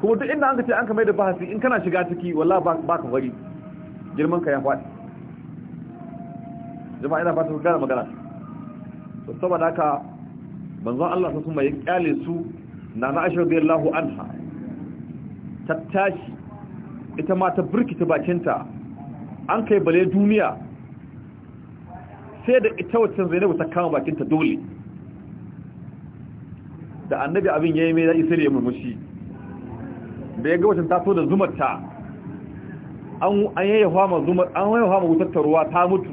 S1: kuma duk inda an ka ce an ka mai da bahasi in kana shiga ciki wallahi ba ka fari girman ka ya faɗi jama'a ina fata ku gane magana to saboda haka banzan Allah sun mai kyale su na na ashe radiyallahu anha ta tashi ita ma ta burkita bakinta an kai bale duniya sai da ita wacce zainabu ta kama bakinta dole da annabi abin yayi mai zai sirri ya murmushi da ya ga wacce ta so da zumarta an an yayi fama zumar an yayi fama wutar ruwa ta mutu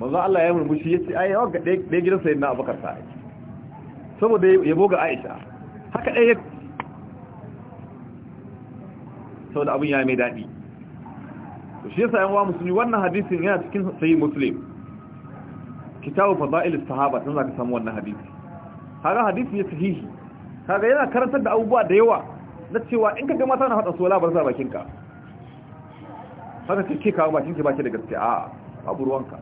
S1: manzo Allah ya yi murmushi yace ai yawa ga dai gidan sayyidina Abubakar sai saboda yabo ga Aisha haka ɗaya sau da abin ya mai daɗi to shi yasa yanwa musulmi wannan hadisin yana cikin sayi muslim kitabu fada'il sahaba tun ka samu wannan hadisi kaga hadisi ya sahihi kaga yana karantar da abubuwa da yawa na cewa in ka ga mata na hada sola bar sa bakin ka haka ke kawo bakin ba baki da gaske. a babu ruwanka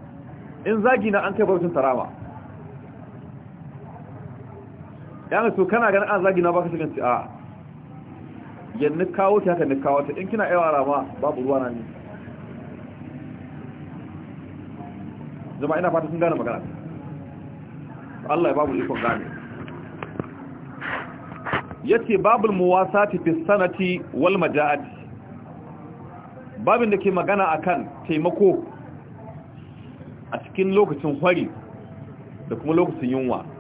S1: in zagi na an kai barcin tarama yana so kana ganin an zagina na baka shigan ci a yanni kawo ta kan kawo ta in kina yawa rama babu ruwa na ne zama ina fata sun gane magana Allah ya babu ikon gane yace babul muwasati fi sanati wal maja'ati babin da ke magana akan taimako a cikin lokacin hwari da kuma lokacin yunwa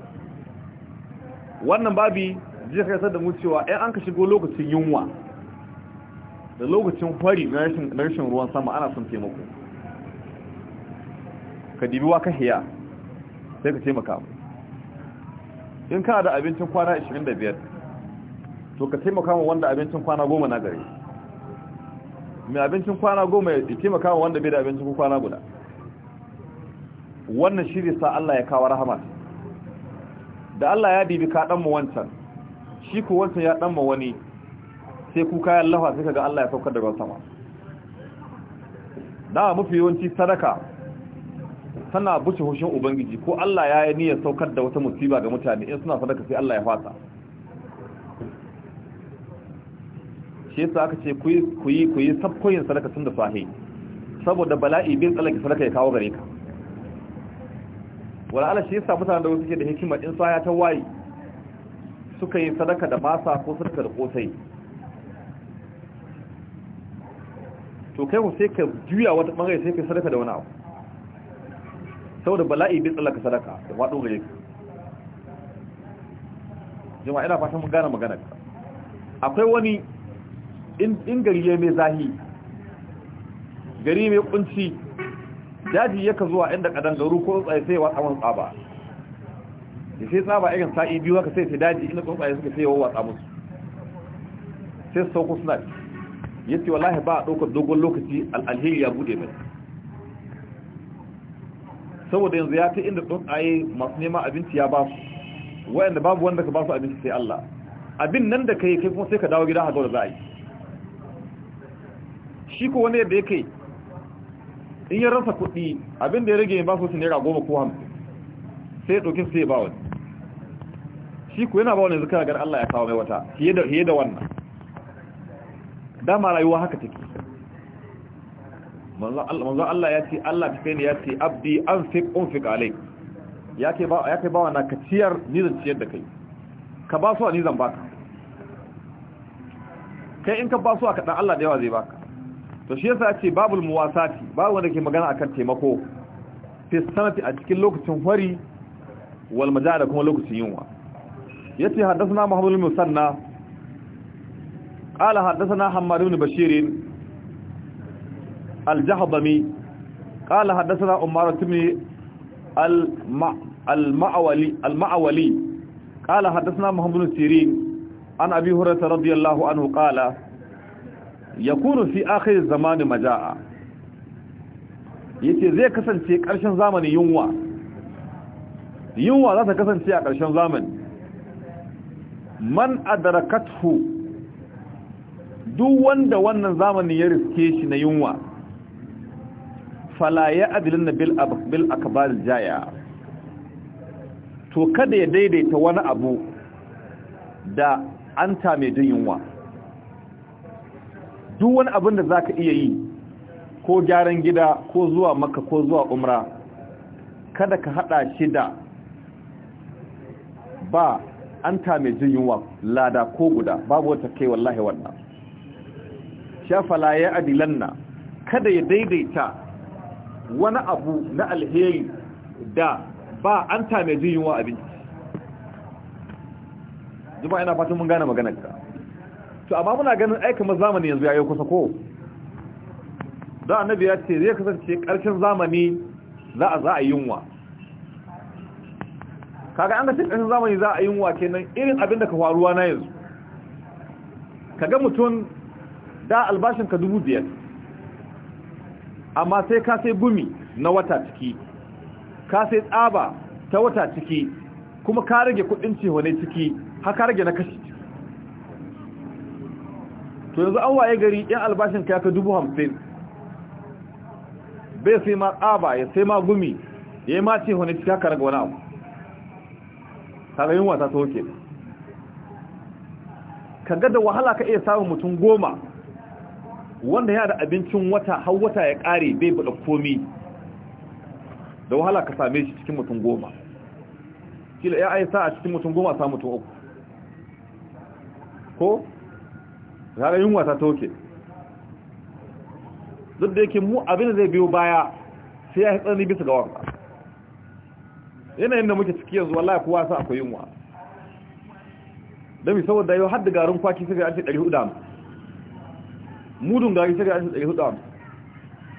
S1: wannan babi zai kaisar da mu cewa ɗan an ka shigo lokacin yunwa da lokacin fari na rashin ruwan sama ana son taimako ka dibi wa ka hiya sai ka taimaka in ka da abincin kwana 25 to ka taimaka mu wanda abincin kwana goma na gare mai abincin kwana goma ya taimaka mu wanda bai da abincin kwana guda wannan shi sa Allah ya kawo rahama da Allah ya dibi ka dan mu wancan shi ko wancan ya dan mu wani sai ku kayan Allah sai kaga Allah ya saukar da ruwan sama da mafi yawanci sadaka tana buce hushin ubangiji ko Allah ya yi niyyar saukar da wata musiba ga mutane in suna sadaka sai Allah ya fata shi yasa aka ce ku yi ku yi ku yi sadaka tun da sahi saboda bala'i bin tsalaki sadaka ya kawo gare ka wala ala shi yasa mutanen da suke da hikima din saya ta wayi suka yi sadaka da masa ko sadaka da kosai to kai ku sai ka juya wata bangare sai ka sadaka da wani abu saboda bala'i bai tsallaka sadaka da faɗo gare ka jama'a ina fatan mun gane magana akwai wani in gari ya mai zahi gari mai kunci daji yaka zuwa inda kadangaru ko tsaye sai wa tsawon tsaba da sai tsaba irin sa'i biyu haka sai sai daji inda tsuntsaye suka sai wa watsa sai su sauko suna ya ce wallahi ba a ɗaukar dogon lokaci alheri ya bude mai saboda yanzu ya ta inda tsuntsaye masu neman abinci ya ba su wa'anda babu wanda ka ba su abinci sai Allah abin nan da ka yi kai kuma sai ka dawo gida haka da za a yi shi ko wani yadda ya kai in ya rasa kuɗi abinda ya rage ba su su nera goma ko hamsin sai ɗauki su ba wani shi ku yana ba wani zuka gar Allah ya kawo mai wata fiye da wannan dama rayuwa haka take manzo Allah ya ce Allah ta ne ya ce abdi an fi alai ya ke ba ya ke bawa na ka ciyar nizan ciyar da kai ka ba su nizan ba baka kai in ka ba su a kaɗan, Allah da yawa zai baka to shi yasa ce babul muwasati babu wanda ke magana akan taimako fi sanati a cikin lokacin hori wal majada da kuma lokacin yunwa yace haddathana muhammad bin musanna qala haddathana hammad bin bashir al-jahdami qala haddathana umar bin al-ma'wali al-ma'wali qala haddathana muhammad bin sirin an abi hurairah radiyallahu anhu qala yakunu fi akhir zamani majaa yace zai kasance ƙarshen zamani yunwa yunwa za ta kasance a karshen zamani man adrakathu duk wanda wannan zamani ya riske shi na yunwa fala ya adilna bil bil akbar jaya to kada ya daidaita wani abu da anta mai jin yunwa duk wani abin da za ka iya yi ko gyaran gida ko zuwa maka ko zuwa umra kada ka hada shi da ba an ta mai jin yunwa lada ko guda babu wata kai wallahi wannan shafala ya adilanna kada ya daidaita wani abu na alheri da ba an ta mai jin yunwa abinci zuba ina fatan mun gane maganar ka to amma muna ganin aika ma zamani yanzu yayi kusa ko da annabi ya ce zai kasance karshen zamani za a za a yunwa kaga an ga karshen zamani za a yunwa kenan irin abin da ka faruwa na yanzu kaga mutum da albashin ka dubu biyar amma sai ka sai gumi na wata ciki ka sai tsaba ta wata ciki kuma ka rage kudin cewa ne ciki ka rage na kashi to yanzu an waye gari yan albashin ka ka dubu hamsin bai sai ma tsaba ya sai ma gumi ya yi ma ce wani cika ka wani abu tagayin wata ta hoke ka ga da wahala ka iya samun mutum goma wanda ya da abincin wata har wata ya kare bai bada komi da wahala ka same shi cikin mutum goma kila ya aisa a cikin mutum goma sa mutum uku ko zaga yunwa ta toke duk da yake mu abin da zai biyo baya sai ya tsani bisa ga wanka yanayin da muke ciki yanzu wallahi kowa sa akwai yunwa dami saboda yau har da garin kwaki sai an ce 400 mudun gari sai an ce 400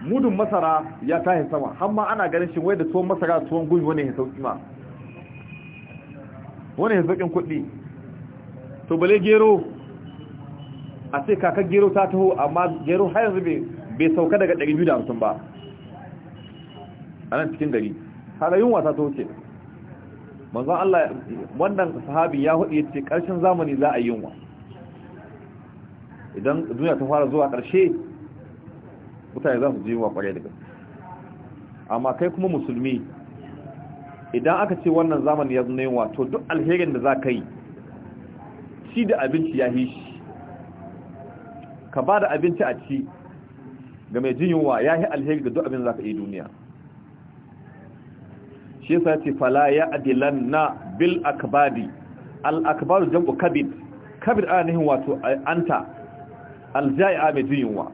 S1: mudun masara ya tashi sama har ma ana ganin shi wai da tuwon masara tuwon gumi wani ya sauki ma wani ya saukin kuɗi to bale gero a ce kaka gero ta taho amma gero har yanzu bai sauka daga 250 ba a nan cikin gari hada yunwa ta taho ce Allah wannan sahabi ya hudu ce karshen zamani za a yunwa idan duniya ta fara zuwa karshe mutane za su ji yunwa kwarai da gaske amma kai kuma musulmi idan aka ce wannan zamani ya zuna yunwa to duk alherin da za ka yi shi da abinci ya hishi ka ba da abinci a ci ga mai jin yunwa ya yi alheri ga duk abin za ka yi duniya shi yasa ce fala ya adilan na bil akbadi al akbaru jam'u kabid kabid a nihin wato anta a mai jin yunwa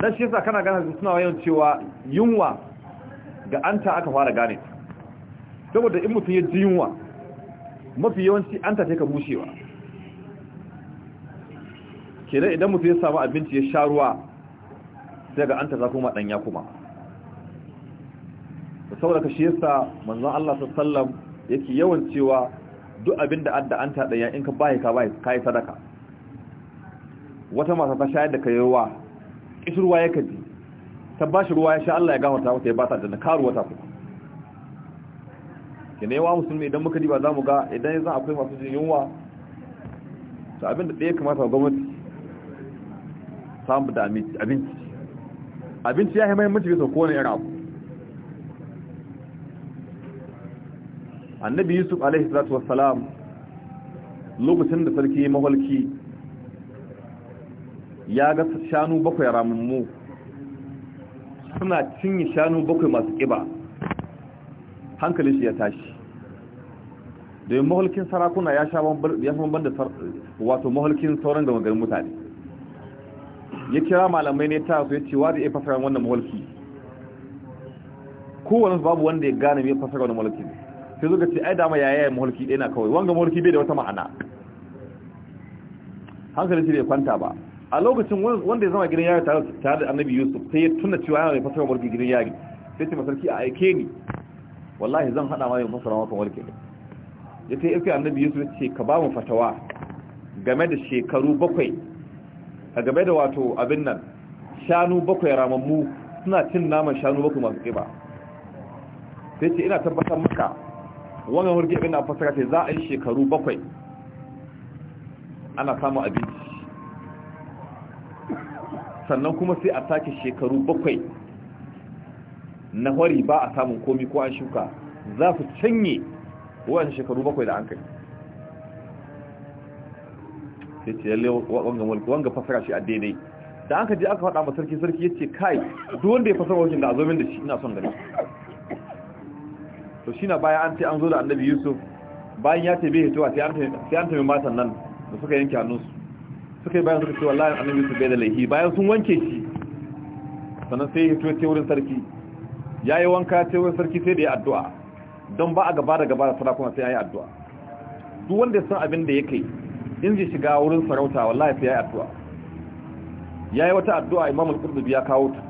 S1: dan shi yasa kana gane suna wayan cewa yunwa ga anta aka fara gane saboda in mutum ya ji yunwa mafi yawanci anta take ka bushewa kenan idan mutum ya samu abinci ya sha ruwa sai ga an ta kuma danya kuma saboda ka shi yasa manzon Allah sallallahu alaihi wasallam yake yawan cewa duk abinda adda an ta danya in ka bai ka bai kai sadaka wata mata ta shayar da kai ruwa kishirwa yake ji ta bashi ruwa ya sha Allah ya gafarta mata ya ba ta da karuwa ta kuma kene wa musulmi idan muka diba zamu ga idan yanzu akwai masu jin yunwa to abinda da ɗaya kamata gwamnati samu da abinci abinci ya yi mahimmanci bisa kowane irin abu annabi yusuf alaihi salatu wassalam lokacin da sarki mawalki ya ga shanu bakwai mu suna cinye shanu bakwai masu ƙiba hankali shi ya tashi domin mahulkin sarakuna ya sha banban wato mahulkin sauran gama garin mutane ya kira malamai ne ta su ya ce wani ya fasara wannan mawalki kowane babu wanda ya gane mai fasara wannan mawalki sai zuka ce ai dama yaya mawalki ɗaya na kawai wanga mawalki bai da wata ma'ana hankali shi bai kwanta ba a lokacin wanda ya zama gidan yari tare da annabi yusuf sai ya tuna cewa yana mai fasara mawalki gidan yari sai ce masarki a aike ni wallahi zan haɗa ma mai fasara mawalki ne ya ce iska annabi yusuf ya ce ka ba mu fatawa game da shekaru bakwai a game da wato abin nan shanu bakwai ramammu suna cin naman shanu bakwai masu ƙiba sai ce ina tabbatar maka wannan wurge abin na fasaka ce za a yi shekaru bakwai ana samun abinci sannan kuma sai a sake shekaru bakwai na hori ba a samun komi ko an shuka za su canye wa'an shekaru bakwai da an kai sai ce lalle wanga mulki wanga fasara shi a daidai da aka je aka faɗa ma sarki sarki ya ce kai duk wanda ya fasara wakin da a min da shi ina son gani to shi na baya an ce an zo da annabi yusuf bayan ya tabe hitowa sai an tabi matan nan da suka yanke Su suka yi bayan suka ce wallahi annabi yusuf bai da laihi bayan sun wanke shi sannan sai hito ce wurin sarki ya yi wanka ce wurin sarki sai da ya addu'a don ba a gaba da gaba da sarakuna sai ya yi addu'a duk wanda ya san abin da ya kai in zai shiga wurin sarauta wallahi fi yayi addu'a yayi wata addu'a Imam al-Qurtubi ya kawo ta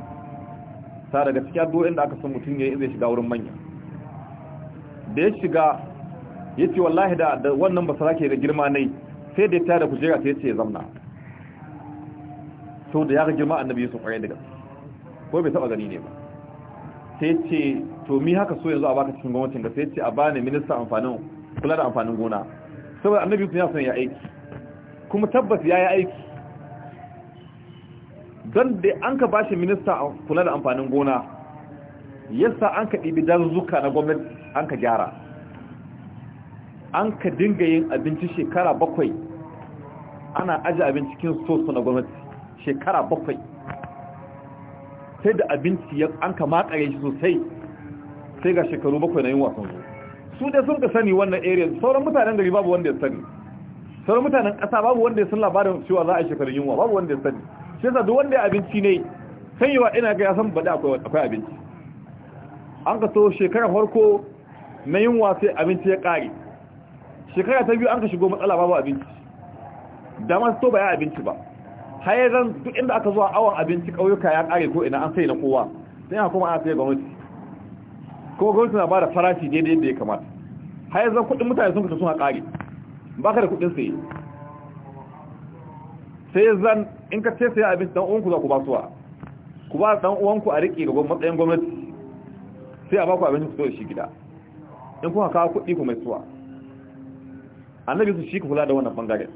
S1: ta daga cikin addu'o'in da aka san mutum yayi in zai shiga wurin manya da ya shiga yace wallahi da wannan basara ke ga girma ne sai da ya tada kujera sai yace ya zamna to da ya ga girma annabi Yusuf kwarai daga ko bai taba gani ne ba sai ce to mi haka so yanzu a baka cikin gwamnatin da sai ce a bani minista amfanin kula da amfanin gona saboda annabi Yusuf ya san ya aiki kuma tabbas ya yi aiki don da an ka bashi minista a kula da amfanin gona yasa an ka ɗibi zuka na gwamnati an ka gyara an ka dinga yin abinci shekara bakwai ana aji abinci cikin sosu na gwamnati shekara bakwai sai da abinci an ka makare shi sosai sai ga shekaru bakwai na yin wasan su su da sun ka sani wannan area sauran mutanen gari babu wanda ya sani sauran mutanen ƙasa babu wanda ya san labarin cewa za a yi shekarun yunwa babu wanda ya sani shi yasa duk wanda ya abinci ne sai yawa ina ga ya san bada akwai abinci an ka so shekara farko na yunwa sai abinci ya ƙare shekara ta biyu an ka shigo matsala babu abinci da ma so baya abinci ba zan duk inda aka zuwa awon abinci ƙauyuka ya ƙare ko ina an sai na kowa sai ya kuma an sai gwamnati ko gwamnati na ba da farashi daidai yadda ya kamata hayar zan kuɗin mutane sun fita suna ƙare ba ka da kudin sai sai zan in ka ce sai abinci dan uwanku za ku ba suwa ku ba dan uwanku a riƙe ga matsayin gwamnati sai a ba ku abin su shi gida in kuma kawo kuɗi ku mai suwa annabi su shi ku kula da wannan bangaren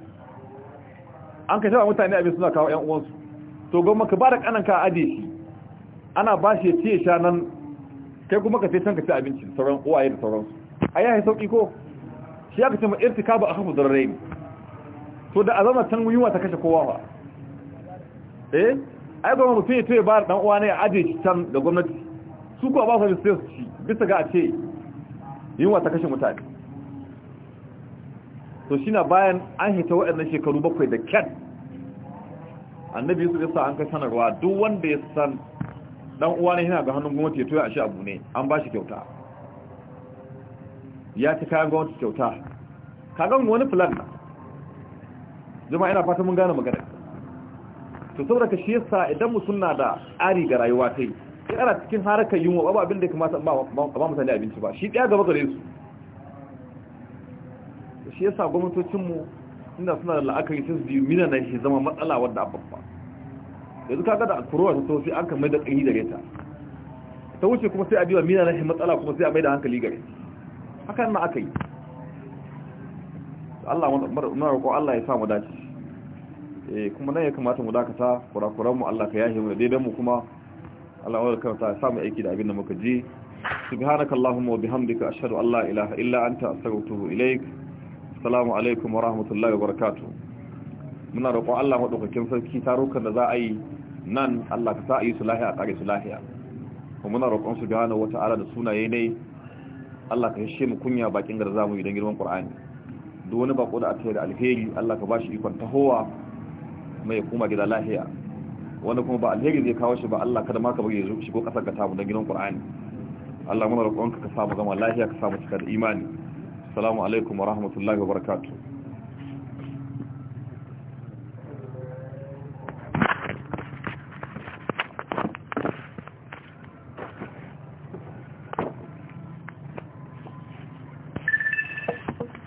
S1: an ka shafa mutane abin suna kawo ƴan uwansu to gwamma ka ba da kanan ka aje shi ana ba shi ya ce sha nan kai kuma ka sai can ka ci abincin sauran uwaye da sauransu a yayin sauki ko shi aka ce ma irtikabu da dararain to da azama can yunwa ta kashe kowa ba eh ai ba mutum ya taya ba dan uwa ne a ajiye shi can da gwamnati su kuwa ba su sai su ci bisa ga a ce yunwa ta kashe mutane to shi na bayan an hita waɗannan shekaru bakwai da kyan annabi yusuf ya sa an kai sanarwa duk wanda ya san dan uwa ne yana ga hannun gwamnati ya toya a shi abu ne an ba shi kyauta ya ci kayan gwamnati kyauta kaga wani filan na zama ina fata mun gane magana to saboda ka shi yasa idan mutum na da ari ga rayuwa ta yi ana cikin harakar yunwa ba abin da ya kamata ba mutane abinci ba shi ɗaya gaba gare su shi yasa gwamnatocinmu inda suna da la'akari sun biyu mina na shi zama matsala wadda abubuwa yanzu kaga da kurowa ta sosai an kan mai da ƙari da ta ta wuce kuma sai a biya mina na shi matsala kuma sai a mai da hankali gare ta hakan na aka yi Allah mara roƙo Allah ya samu dace eh kuma nan ya kamata mu dakata kurakuran mu Allah ka yahe mu daidan mu kuma Allah wanda ka sa mu aiki da abin da muka ji subhanakallahumma wa bihamdika ashhadu an la ilaha illa anta astaghfiruka ilaik assalamu alaikum wa rahmatullahi wa barakatuh muna roƙo Allah madaukakin sarki tarukan da za a yi nan Allah ka sa a yi sulahi a tsare sulahi kuma muna roƙon subhanahu wata'ala da sunaye ne Allah ka hishe mu kunya bakin garza mu don girman kur'ani duk wani bako da aka yi da alheri Allah ka bashi ikon tahowa mai kuma gida lahiya wanda kuma ba alheri zai kawo shi ba Allah kada ma ka bari ya shigo kasar ka tamu don girman kur'ani Allah muna roƙonka ka samu zama lahiya ka samu cika da imani assalamu alaikum wa rahmatullahi wa barakatuh